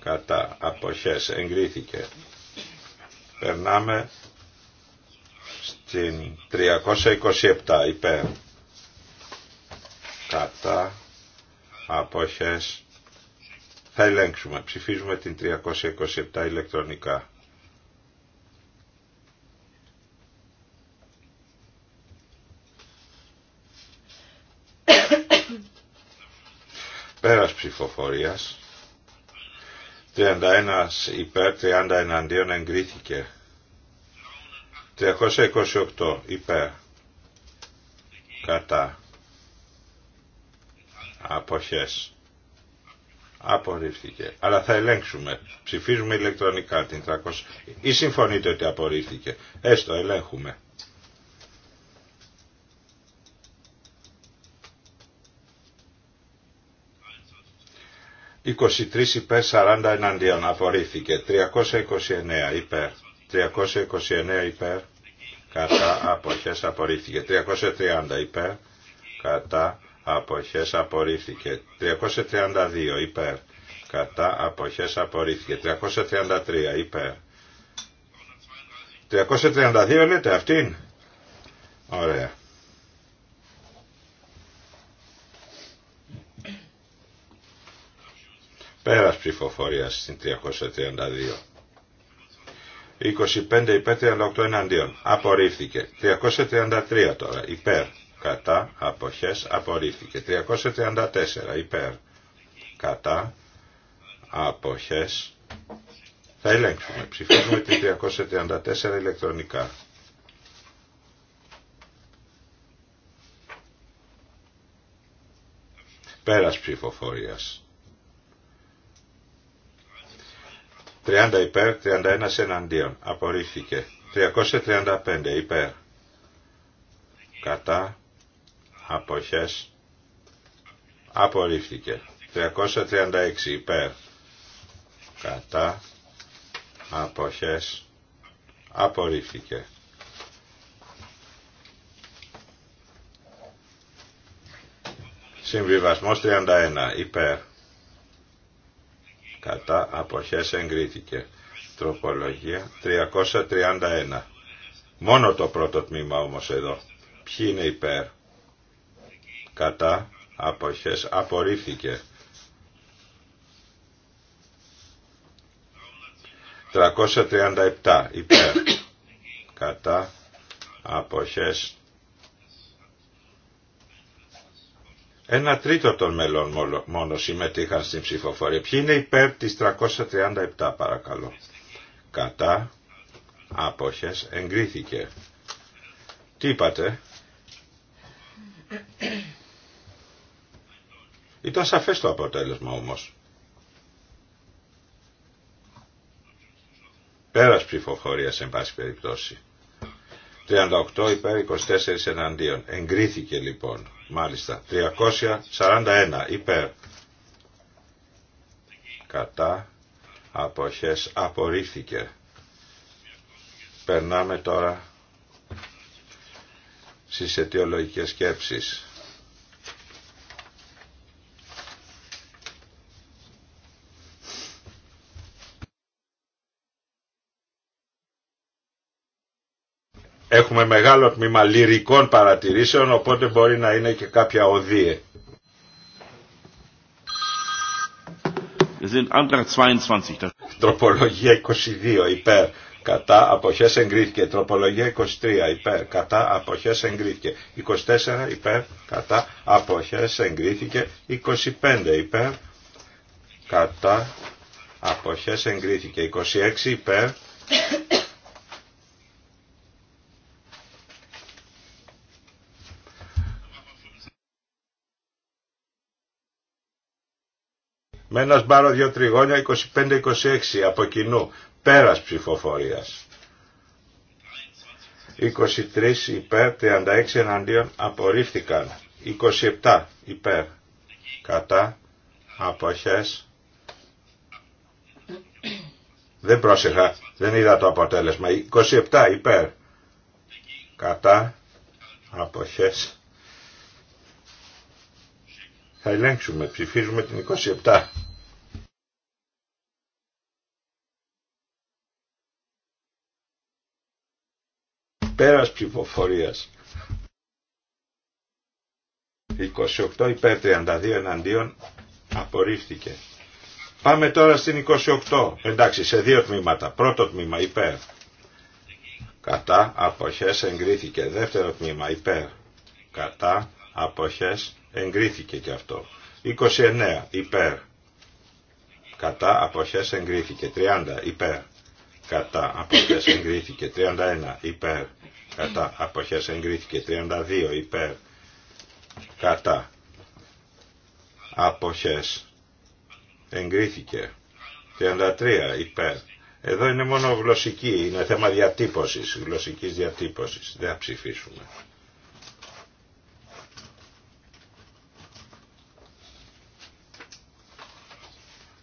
κατά, αποχές, εγκρίθηκε. Περνάμε στην 327 υπέρ κατά αποχές θα ελέγξουμε. Ψηφίζουμε την 327 ηλεκτρονικά. Πέρας ψηφοφορίας. 31 υπέρ, 30 εναντίον εγκρίθηκε. 328 υπέρ. Κατά αποχές απορρίφθηκε. Αλλά θα ελέγξουμε. Ψηφίζουμε ηλεκτρονικά την 300. Ή συμφωνείτε ότι απορρίφθηκε. Έστω ελέγχουμε. «23 υπέρ 40 εναντίον απορρίφθηκε, 329 υπέρ, 329 υπέρ, κατά αποχές απορρίφθηκε, 330 υπέρ, κατά αποχές απορρίφθηκε. 332 υπέρ. Κατά αποχές απορρίφθηκε. 333 υπέρ. 332 λέτε αυτήν. Ωραία. Πέρας ψηφοφορία στην 332. 25 υπέρ 38 εναντίον. Απορρίφθηκε. 333 τώρα. Υπέρ κατά, αποχές, απορρίφθηκε. 334 υπέρ, κατά, αποχές. Θα ελέγξουμε. Ψηφίζουμε τη 334 ηλεκτρονικά. Πέρας ψηφοφορίας. 30 υπέρ, 31 εναντίον. Απορρίφθηκε. 335 υπέρ. Κατά αποχές απορρίφθηκε. 336 υπέρ κατά αποχές απορρίφθηκε. Συμβιβασμός 31 υπέρ κατά αποχές εγκρίθηκε. Τροπολογία 331. Μόνο το πρώτο τμήμα όμως εδώ. Ποιοι είναι υπέρ κατά αποχές απορρίφθηκε. 337 υπέρ κατά αποχές Ένα τρίτο των μελών μόνο συμμετείχαν στην ψηφοφορία. Ποιοι είναι υπέρ της 337 παρακαλώ. Κατά άποχες εγκρίθηκε. Τι είπατε. Ήταν σαφές το αποτέλεσμα όμως. Πέρας ψηφοφορία σε πάση περιπτώσει. 38 υπέρ 24 εναντίον. Εγκρίθηκε λοιπόν. Μάλιστα. 341 υπέρ. Κατά. Αποχές. Απορρίφθηκε. Περνάμε τώρα στις αιτιολογικές σκέψεις. έχουμε μεγάλο τμήμα λυρικών παρατηρήσεων, οπότε μπορεί να είναι και κάποια οδύε. Τροπολογία 22 υπέρ κατά αποχές εγκρίθηκε. Τροπολογία 23 υπέρ κατά αποχές εγκρίθηκε. 24 υπέρ κατά αποχές εγκρίθηκε. 25 υπέρ κατά αποχές εγκρίθηκε. 26 υπέρ με ένα μπάρο δύο τριγώνια 25-26 από κοινού πέρας ψηφοφορίας. 23 υπέρ, 36 εναντίον απορρίφθηκαν. 27 υπέρ, κατά, αποχές. Δεν πρόσεχα, δεν είδα το αποτέλεσμα. 27 υπέρ, κατά, αποχές. Θα ελέγξουμε, ψηφίζουμε την 27. Πέρας ψηφοφορίας. 28 υπέρ 32 εναντίον απορρίφθηκε. Πάμε τώρα στην 28. Εντάξει, σε δύο τμήματα. Πρώτο τμήμα υπέρ. Κατά αποχές εγκρίθηκε. Δεύτερο τμήμα υπέρ. Κατά αποχές εγκρίθηκε και αυτό. 29 υπέρ. Κατά αποχές εγκρίθηκε. 30 υπέρ κατά αποχές εγκρίθηκε 31 υπέρ κατά αποχές εγκρίθηκε 32 υπέρ κατά αποχές εγκρίθηκε 33 υπέρ εδώ είναι μόνο γλωσσική, είναι θέμα διατύπωσης, γλωσσικής διατύπωσης. Δεν θα ψηφίσουμε.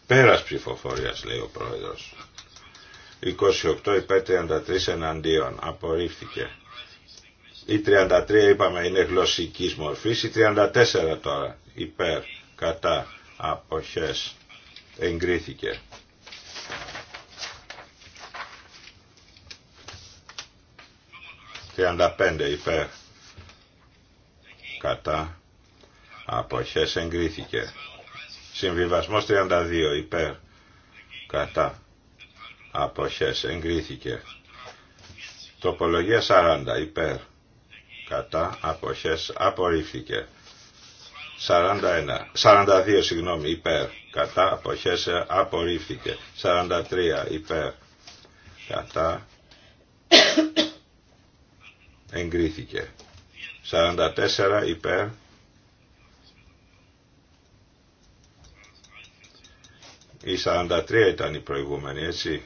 Πέρας ψηφοφορίας λέει ο πρόεδρος. 28 υπέρ 33 εναντίον. Απορρίφθηκε. Η 33 είπαμε είναι γλωσσική μορφή Η 34 τώρα υπέρ κατά αποχές εγκρίθηκε. «35 υπέρ κατά αποχές εγκρίθηκε». Συμβιβασμός 32 υπέρ κατά αποχές εγκρίθηκε. Τοπολογία 40 υπέρ κατά αποχές απορρίφθηκε. 41, 42 συγγνώμη υπέρ κατά αποχές απορρίφθηκε. 43 υπέρ κατά εγκρίθηκε. 44 υπέρ Η 43 ήταν η προηγούμενη, έτσι.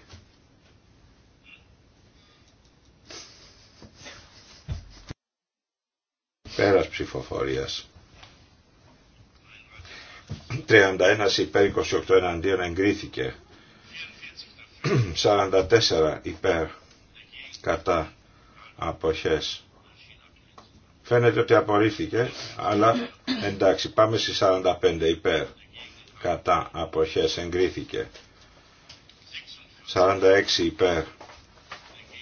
ψηφοφορίας. 31 υπέρ 28 εναντίον εγκρίθηκε. 44 υπέρ κατά αποχές. Φαίνεται ότι απορρίφθηκε, αλλά εντάξει, πάμε στις 45 υπέρ κατά αποχές εγκρίθηκε. 46 υπέρ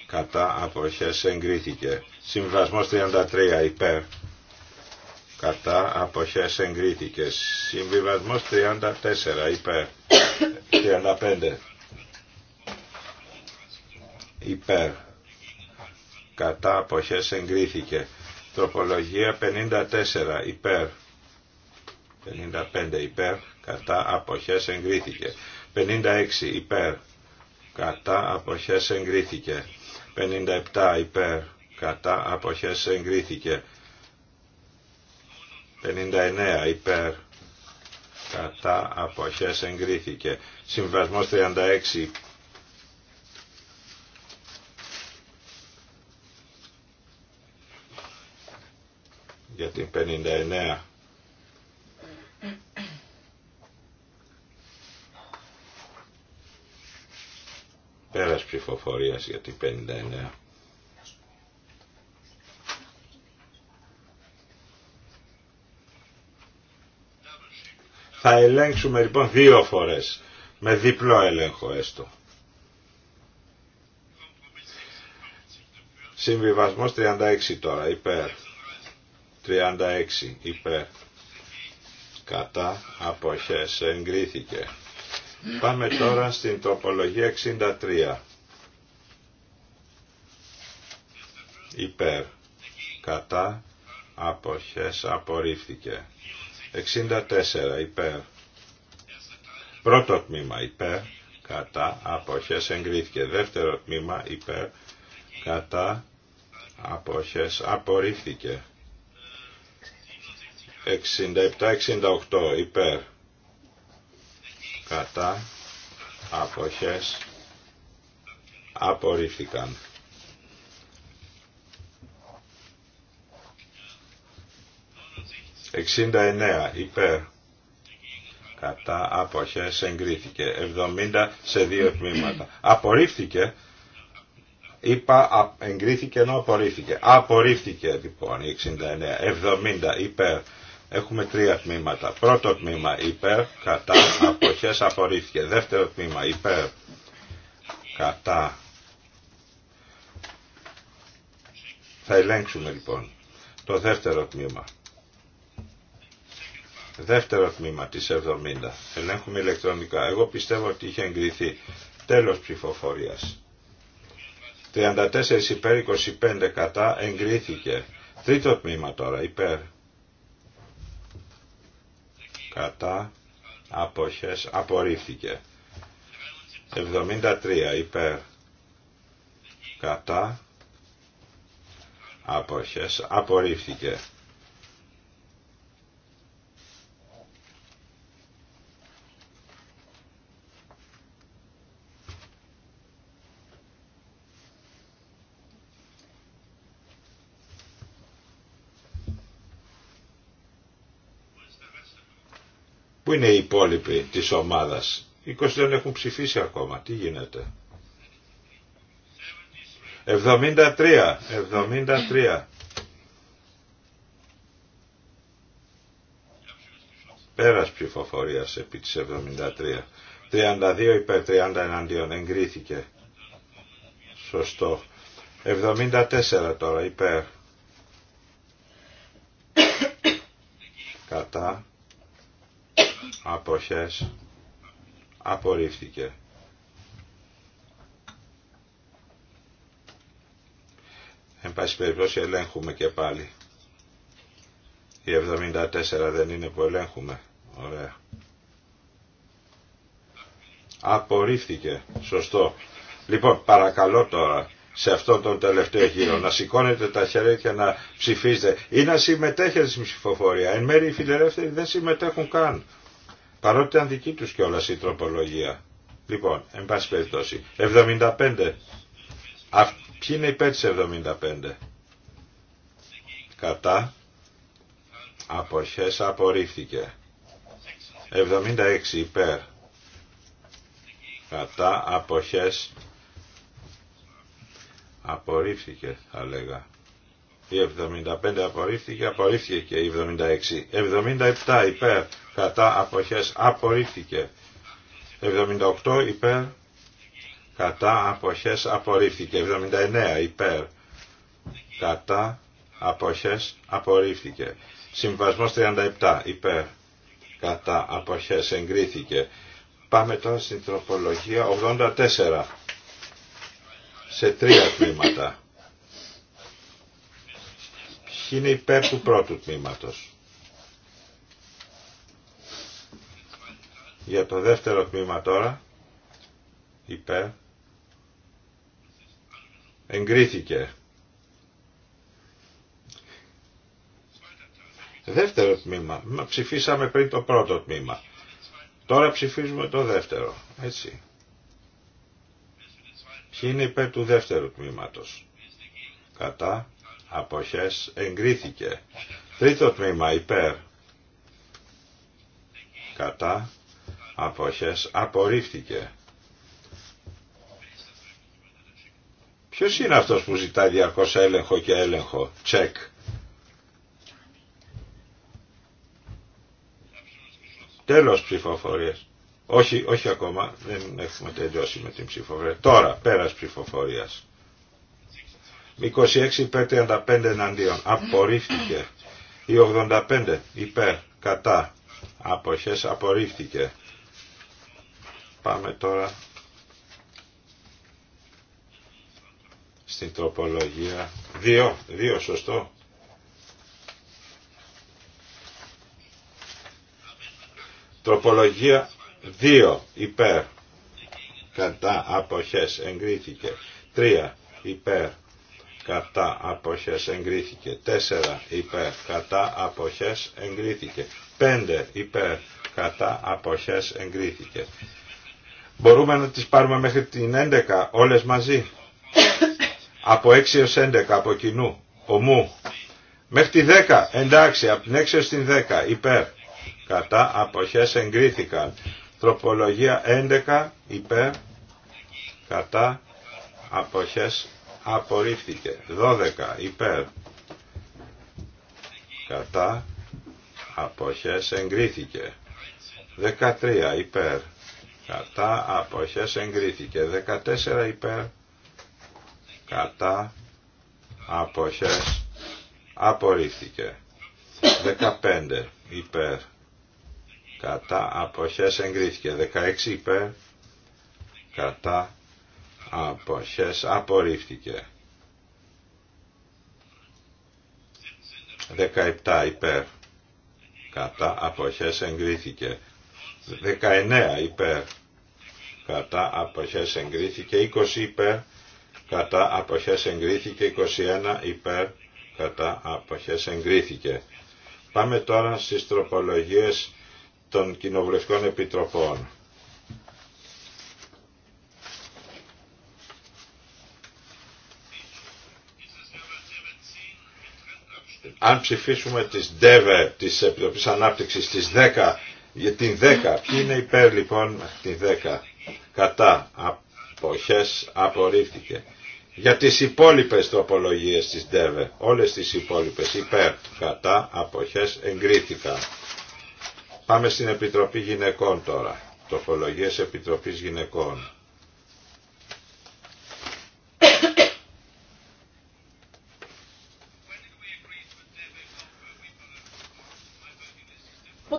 κατά αποχές εγκρίθηκε. Συμβασμός 33 υπέρ κατά αποχές εγκρίθηκε. Συμβιβασμός 34 είπε 35 υπέρ κατά αποχές εγκρίθηκε. Τροπολογία 54 υπέρ 55 υπέρ κατά αποχές εγκρίθηκε. 56 υπέρ κατά αποχές εγκρίθηκε. 57 υπέρ κατά αποχές εγκρίθηκε. 59 υπέρ κατά αποχές εγκρίθηκε. Συμβασμός 36 για την 59. Πέρας ψηφοφορίας για την 59. Θα ελέγξουμε λοιπόν δύο φορές, με διπλό έλεγχο έστω. Συμβιβασμός 36 τώρα, υπέρ. 36 υπέρ. Κατά αποχές εγκρίθηκε. Πάμε τώρα στην τροπολογία 63. Υπέρ. Κατά αποχές απορρίφθηκε. 64 υπέρ. Πρώτο τμήμα υπέρ, κατά, αποχές εγκρίθηκε. Δεύτερο τμήμα υπέρ, κατά, αποχές απορρίφθηκε. 67-68 υπέρ, κατά, αποχές απορρίφθηκαν. 69 υπέρ κατά αποχές εγκρίθηκε 70 σε δύο τμήματα απορρίφθηκε είπα εγκρίθηκε ενώ απορρίφθηκε απορρίφθηκε λοιπόν η 69 70 υπέρ Έχουμε τρία τμήματα. Πρώτο τμήμα υπέρ, κατά, αποχές, απορρίφθηκε. Δεύτερο τμήμα υπέρ, κατά. Θα ελέγξουμε λοιπόν το δεύτερο τμήμα. Δεύτερο τμήμα της 70. Ελέγχουμε ηλεκτρονικά. Εγώ πιστεύω ότι είχε εγκριθεί. Τέλος ψηφοφορίας. 34 υπέρ 25 κατά εγκρίθηκε. Τρίτο τμήμα τώρα υπέρ. Κατά αποχές απορρίφθηκε. 73 υπέρ. Κατά αποχές απορρίφθηκε. Πού είναι οι υπόλοιποι της ομάδας. 20 δεν έχουν ψηφίσει ακόμα. Τι γίνεται. 73. 73. Πέρας ψηφοφορίας επί της 73. 32 υπέρ 30 εναντίον. Εγκρίθηκε. Σωστό. 74 τώρα υπέρ. Κατά αποχές απορρίφθηκε. Εν πάση περιπτώσει ελέγχουμε και πάλι. Η 74 δεν είναι που ελέγχουμε. Ωραία. Απορρίφθηκε. Σωστό. Λοιπόν, παρακαλώ τώρα σε αυτόν τον τελευταίο γύρο να σηκώνετε τα χέρια και να ψηφίζετε ή να συμμετέχετε στην ψηφοφορία. Εν μέρει οι φιλελεύθεροι δεν συμμετέχουν καν. Παρότι ήταν δική τους κιόλας η τροπολογία. Λοιπόν, εν πάση περιπτώσει. 75. Α, ποιοι είναι υπέρ της 75. Κατά. Αποχές απορρίφθηκε. 76 υπέρ. Κατά αποχές απορρίφθηκε θα λέγα. Η 75 απορρίφθηκε, απορρίφθηκε και η 76. 77 υπέρ κατά αποχές απορρίφθηκε. 78 υπέρ κατά αποχές απορρίφθηκε. 79 υπέρ κατά αποχές απορρίφθηκε. Συμβασμός 37 υπέρ κατά αποχές εγκρίθηκε. Πάμε τώρα στην τροπολογία 84 σε τρία τμήματα. Ποιοι είναι υπέρ του πρώτου τμήματος. Για το δεύτερο τμήμα τώρα, υπέρ, εγκρίθηκε. Δεύτερο τμήμα, ψηφίσαμε πριν το πρώτο τμήμα. Τώρα ψηφίζουμε το δεύτερο, έτσι. Ποιοι είναι υπέρ του δεύτερου τμήματος. Κατά, αποχές, εγκρίθηκε. Τρίτο τμήμα, υπέρ. Κατά, αποχές απορρίφθηκε. Ποιος είναι αυτός που ζητά διαρκώς έλεγχο και έλεγχο, τσεκ. Τέλος ψηφοφορίας. Όχι, όχι ακόμα, δεν έχουμε τελειώσει με την ψηφοφορία. Τώρα, πέρας ψηφοφορίας. 26 υπέρ εναντίον. Απορρίφθηκε. Η 85 υπέρ κατά αποχές απορρίφθηκε. Πάμε τώρα στην τροπολογία. 2, 2 σωστό. Τροπολογία 2 υπέρ κατά αποχές εγκρίθηκε. 3 υπέρ κατά αποχές εγκρίθηκε. 4 υπέρ κατά αποχές εγκρίθηκε. 5 υπέρ κατά αποχές εγκρίθηκε. Μπορούμε να τις πάρουμε μέχρι την 11 όλες μαζί. από 6 έως 11 από κοινού. Ομού. Μέχρι τη 10. Εντάξει. Από την 6 έως την 10. Υπέρ. Κατά. Αποχές εγκρίθηκαν. Τροπολογία 11. Υπέρ. Κατά. Αποχές απορρίφθηκε. 12. Υπέρ. Κατά. Αποχές εγκρίθηκε. 13. Υπέρ κατά αποχές εγκρίθηκε 14 υπέρ κατά αποχές απορρίφθηκε 15 υπέρ κατά αποχές εγκρίθηκε 16 υπέρ κατά αποχές απορρίφθηκε 17 υπέρ κατά αποχές εγκρίθηκε 19 υπέρ κατά αποχές εγκρίθηκε 20 υπέρ κατά αποχές εγκρίθηκε 21 υπέρ κατά αποχές εγκρίθηκε. Πάμε τώρα στις τροπολογίες των κοινοβουλευτικών επιτροπών. Αν ψηφίσουμε τις ΔΕΒΕ της Επιτροπής Ανάπτυξης τις 10 για την 10. Ποιοι είναι υπέρ λοιπόν την 10. Κατά. Αποχές απορρίφθηκε. Για τις υπόλοιπες τοπολογίες της ΔΕΒΕ. Όλες τις υπόλοιπες υπέρ. Κατά. Αποχές εγκρίθηκαν. Πάμε στην Επιτροπή Γυναικών τώρα. Τοπολογίες Επιτροπής Γυναικών.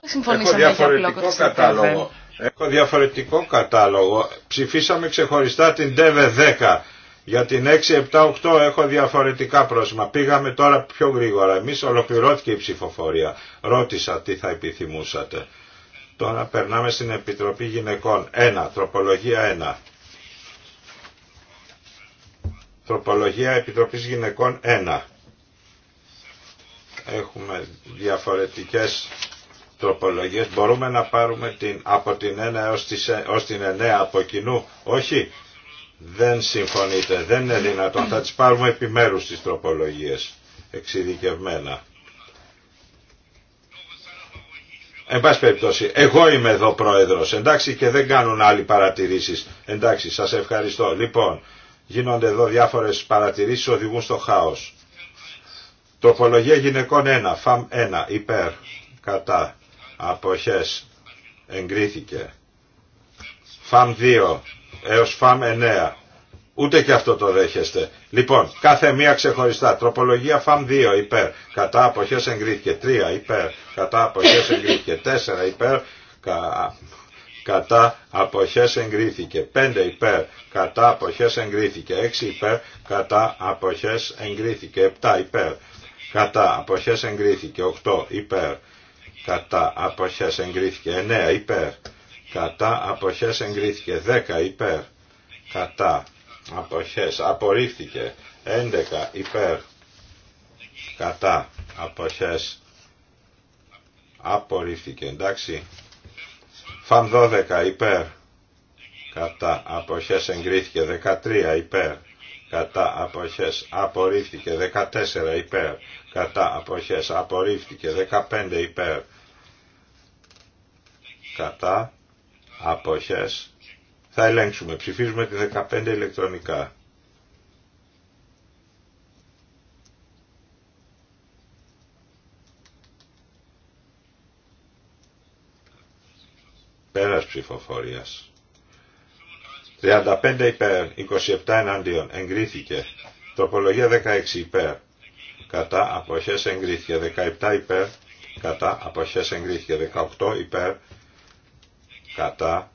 συμφωνήσαμε Έχω διαφορετικό κατάλογο. Έχω Ψηφίσαμε ξεχωριστά την ΤΕΒΕ 10. Για την 6, 7, 8 έχω διαφορετικά πρόσημα. Πήγαμε τώρα πιο γρήγορα. Εμείς ολοκληρώθηκε η ψηφοφορία. Ρώτησα τι θα επιθυμούσατε. Τώρα περνάμε στην Επιτροπή Γυναικών. Ένα. Τροπολογία 1. Τροπολογία Επιτροπής Γυναικών 1. Έχουμε διαφορετικές τροπολογίες μπορούμε να πάρουμε την, από την 1 έως, τις, έως ε, την 9 από κοινού. Όχι, δεν συμφωνείτε, δεν είναι δυνατόν. Θα τις πάρουμε επιμέρους τις τροπολογίες εξειδικευμένα. Εν πάση περιπτώσει, εγώ είμαι εδώ πρόεδρος, εντάξει και δεν κάνουν άλλοι παρατηρήσεις. Εντάξει, σας ευχαριστώ. Λοιπόν, γίνονται εδώ διάφορες παρατηρήσεις, οδηγούν στο χάος. Τροπολογία γυναικών 1, φαμ 1, υπέρ, κατά, αποχές εγκρίθηκε. ΦΑΜ 2 έως ΦΑΜ 9. Ούτε και αυτό το δέχεστε. Λοιπόν, κάθε μία ξεχωριστά. Τροπολογία ΦΑΜ 2 υπέρ. Κατά αποχές εγκρίθηκε. 3 υπέρ. Κατά αποχές εγκρίθηκε. 4 υπέρ. Κα... Κατά αποχές εγκρίθηκε. 5 υπέρ. Κατά αποχές εγκρίθηκε. 6 υπέρ. Κατά αποχές εγκρίθηκε. 7 υπέρ. Κατά αποχές εγκρίθηκε. 8 υπέρ κατά αποχές εγκρίθηκε 9 υπέρ κατά αποχές εγκρίθηκε 10 υπέρ κατά αποχές απορρίφθηκε 11 υπέρ κατά αποχές απορρίφθηκε εντάξει φαμ 12 υπέρ κατά αποχές εγκρίθηκε 13 υπέρ κατά αποχές απορρίφθηκε 14 υπέρ κατά αποχές απορρίφθηκε 15 υπέρ κατά αποχές θα ελέγξουμε ψηφίζουμε τη 15 ηλεκτρονικά πέρας ψηφοφορίας 35 υπέρ, 27 εναντίον, εγκρίθηκε. Τροπολογία 16 υπέρ, κατά αποχές εγκρίθηκε. 17 υπέρ, κατά αποχές εγκρίθηκε. 18 υπέρ, κατά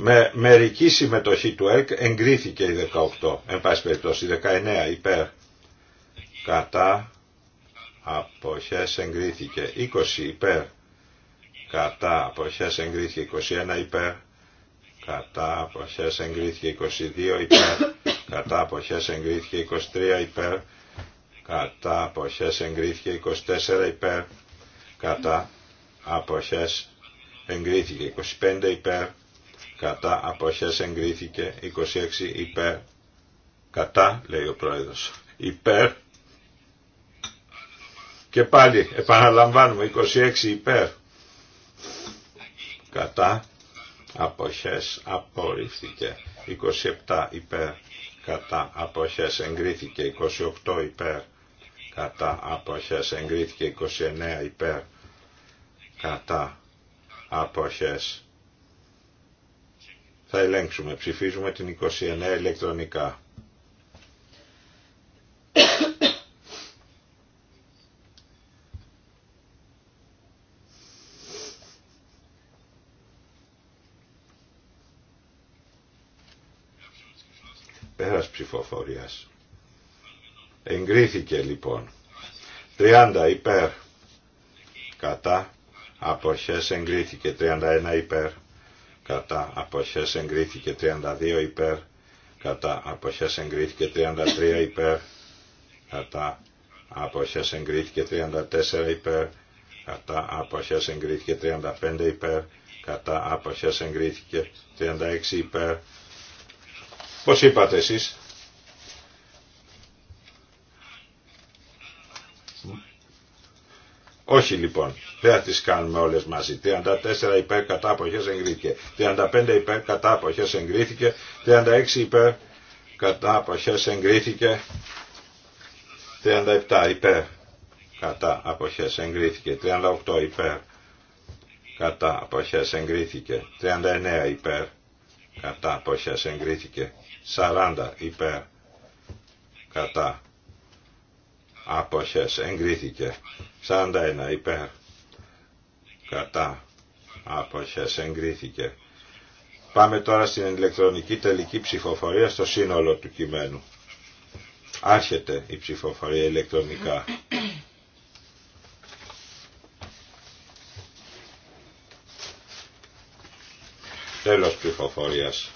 Με μερική συμμετοχή του ΕΡΚ εγκρίθηκε η 18, εν πάση περιπτώσει, 19 υπέρ κατά αποχές εγκρίθηκε 20 υπέρ κατά αποχές εγκρίθηκε 21 υπέρ κατά αποχές εγκρίθηκε 22 υπέρ κατά αποχές εγκρίθηκε 23 υπέρ κατά αποχές εγκρίθηκε 24 υπέρ κατά αποχές εγκρίθηκε 25 υπέρ κατά αποχές εγκρίθηκε 26 υπέρ κατά λέει ο πρόεδρος υπέρ και πάλι επαναλαμβάνουμε 26 υπέρ. Κατά αποχές απορρίφθηκε 27 υπέρ. Κατά αποχές εγκρίθηκε 28 υπέρ. Κατά αποχές εγκρίθηκε 29 υπέρ. Κατά αποχές. Θα ελέγξουμε. Ψηφίζουμε την 29 ηλεκτρονικά. Εγκρίθηκε λοιπόν. 30 υπέρ. Κατά. Αποχές εγκρίθηκε. 31 υπέρ. Κατά. Αποχές εγκρίθηκε. 32 υπέρ. Κατά. Αποχές εγκρίθηκε. 33 υπέρ. Κατά. Αποχές εγκρίθηκε. 34 υπέρ. Κατά. Αποχές εγκρίθηκε. 35 υπέρ. Κατά. Αποχές εγκρίθηκε. 36 υπέρ. Πώς είπατε εσείς. Όχι λοιπόν, δεν θα τις κάνουμε όλες μαζί. 34 υπέρ κατά αποχές εγκρίθηκε, 35 υπέρ κατά αποχές εγκρίθηκε, 36 υπέρ κατά αποχές εγκρίθηκε, 37 υπέρ κατά αποχές εγκρίθηκε, 38 υπέρ κατά αποχές εγκρίθηκε, 39 υπέρ κατά αποχές εγκρίθηκε, 40 υπέρ κατά αποχές εγκρίθηκε 41 υπέρ κατά αποχές εγκρίθηκε πάμε τώρα στην ηλεκτρονική τελική ψηφοφορία στο σύνολο του κειμένου άρχεται η ψηφοφορία ηλεκτρονικά τέλος ψηφοφορίας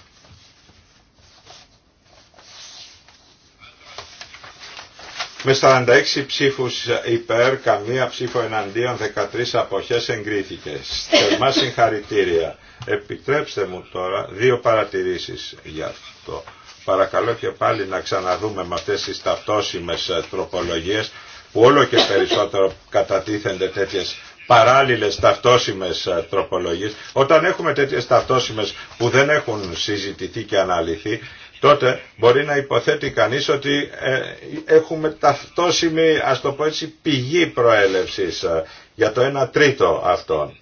Με 46 ψήφους υπέρ, καμία ψήφο εναντίον, 13 αποχές εγκρίθηκε. Θερμά συγχαρητήρια. Επιτρέψτε μου τώρα δύο παρατηρήσεις για αυτό. Παρακαλώ και πάλι να ξαναδούμε με αυτές τις ταυτόσιμες ε, τροπολογίες που όλο και περισσότερο κατατίθενται τέτοιες παράλληλες ταυτόσιμες ε, τροπολογίες. Όταν έχουμε τέτοιες ταυτόσιμες που δεν έχουν συζητηθεί και αναλυθεί, τότε μπορεί να υποθέτει κανείς ότι ε, έχουμε ταυτόσιμη, ας το πω έτσι, πηγή προέλευσης ε, για το 1 τρίτο αυτόν.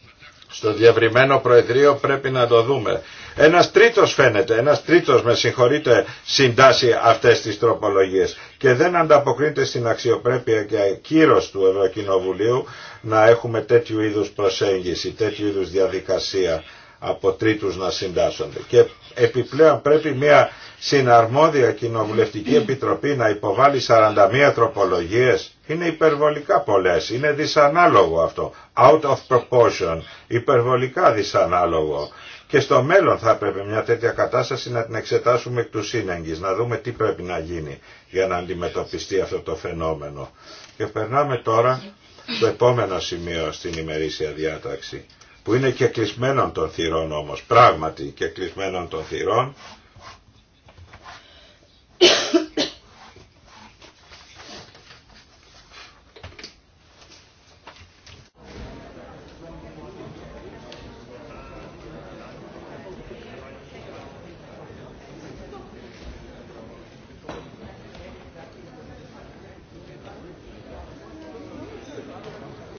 Στο διευρυμένο Προεδρείο πρέπει να το δούμε. Ένας τρίτος φαίνεται, ένας τρίτος με συγχωρείτε συντάσσει αυτές τις τροπολογίες και δεν ανταποκρίνεται στην αξιοπρέπεια και κύρος του Ευρωκοινοβουλίου να έχουμε τέτοιου είδους προσέγγιση, τέτοιου είδους διαδικασία από τρίτους να συντάσσονται. Επιπλέον πρέπει μια συναρμόδια κοινοβουλευτική επιτροπή να υποβάλει 41 τροπολογίες. Είναι υπερβολικά πολλές, είναι δυσανάλογο αυτό. Out of proportion, υπερβολικά δυσανάλογο. Και στο μέλλον θα πρέπει μια τέτοια κατάσταση να την εξετάσουμε εκ του σύνεγγυς, να δούμε τι πρέπει να γίνει για να αντιμετωπιστεί αυτό το φαινόμενο. Και περνάμε τώρα στο επόμενο σημείο στην ημερήσια διάταξη που είναι και κλεισμένων των θυρών όμως, πράγματι και κλεισμένων των θυρών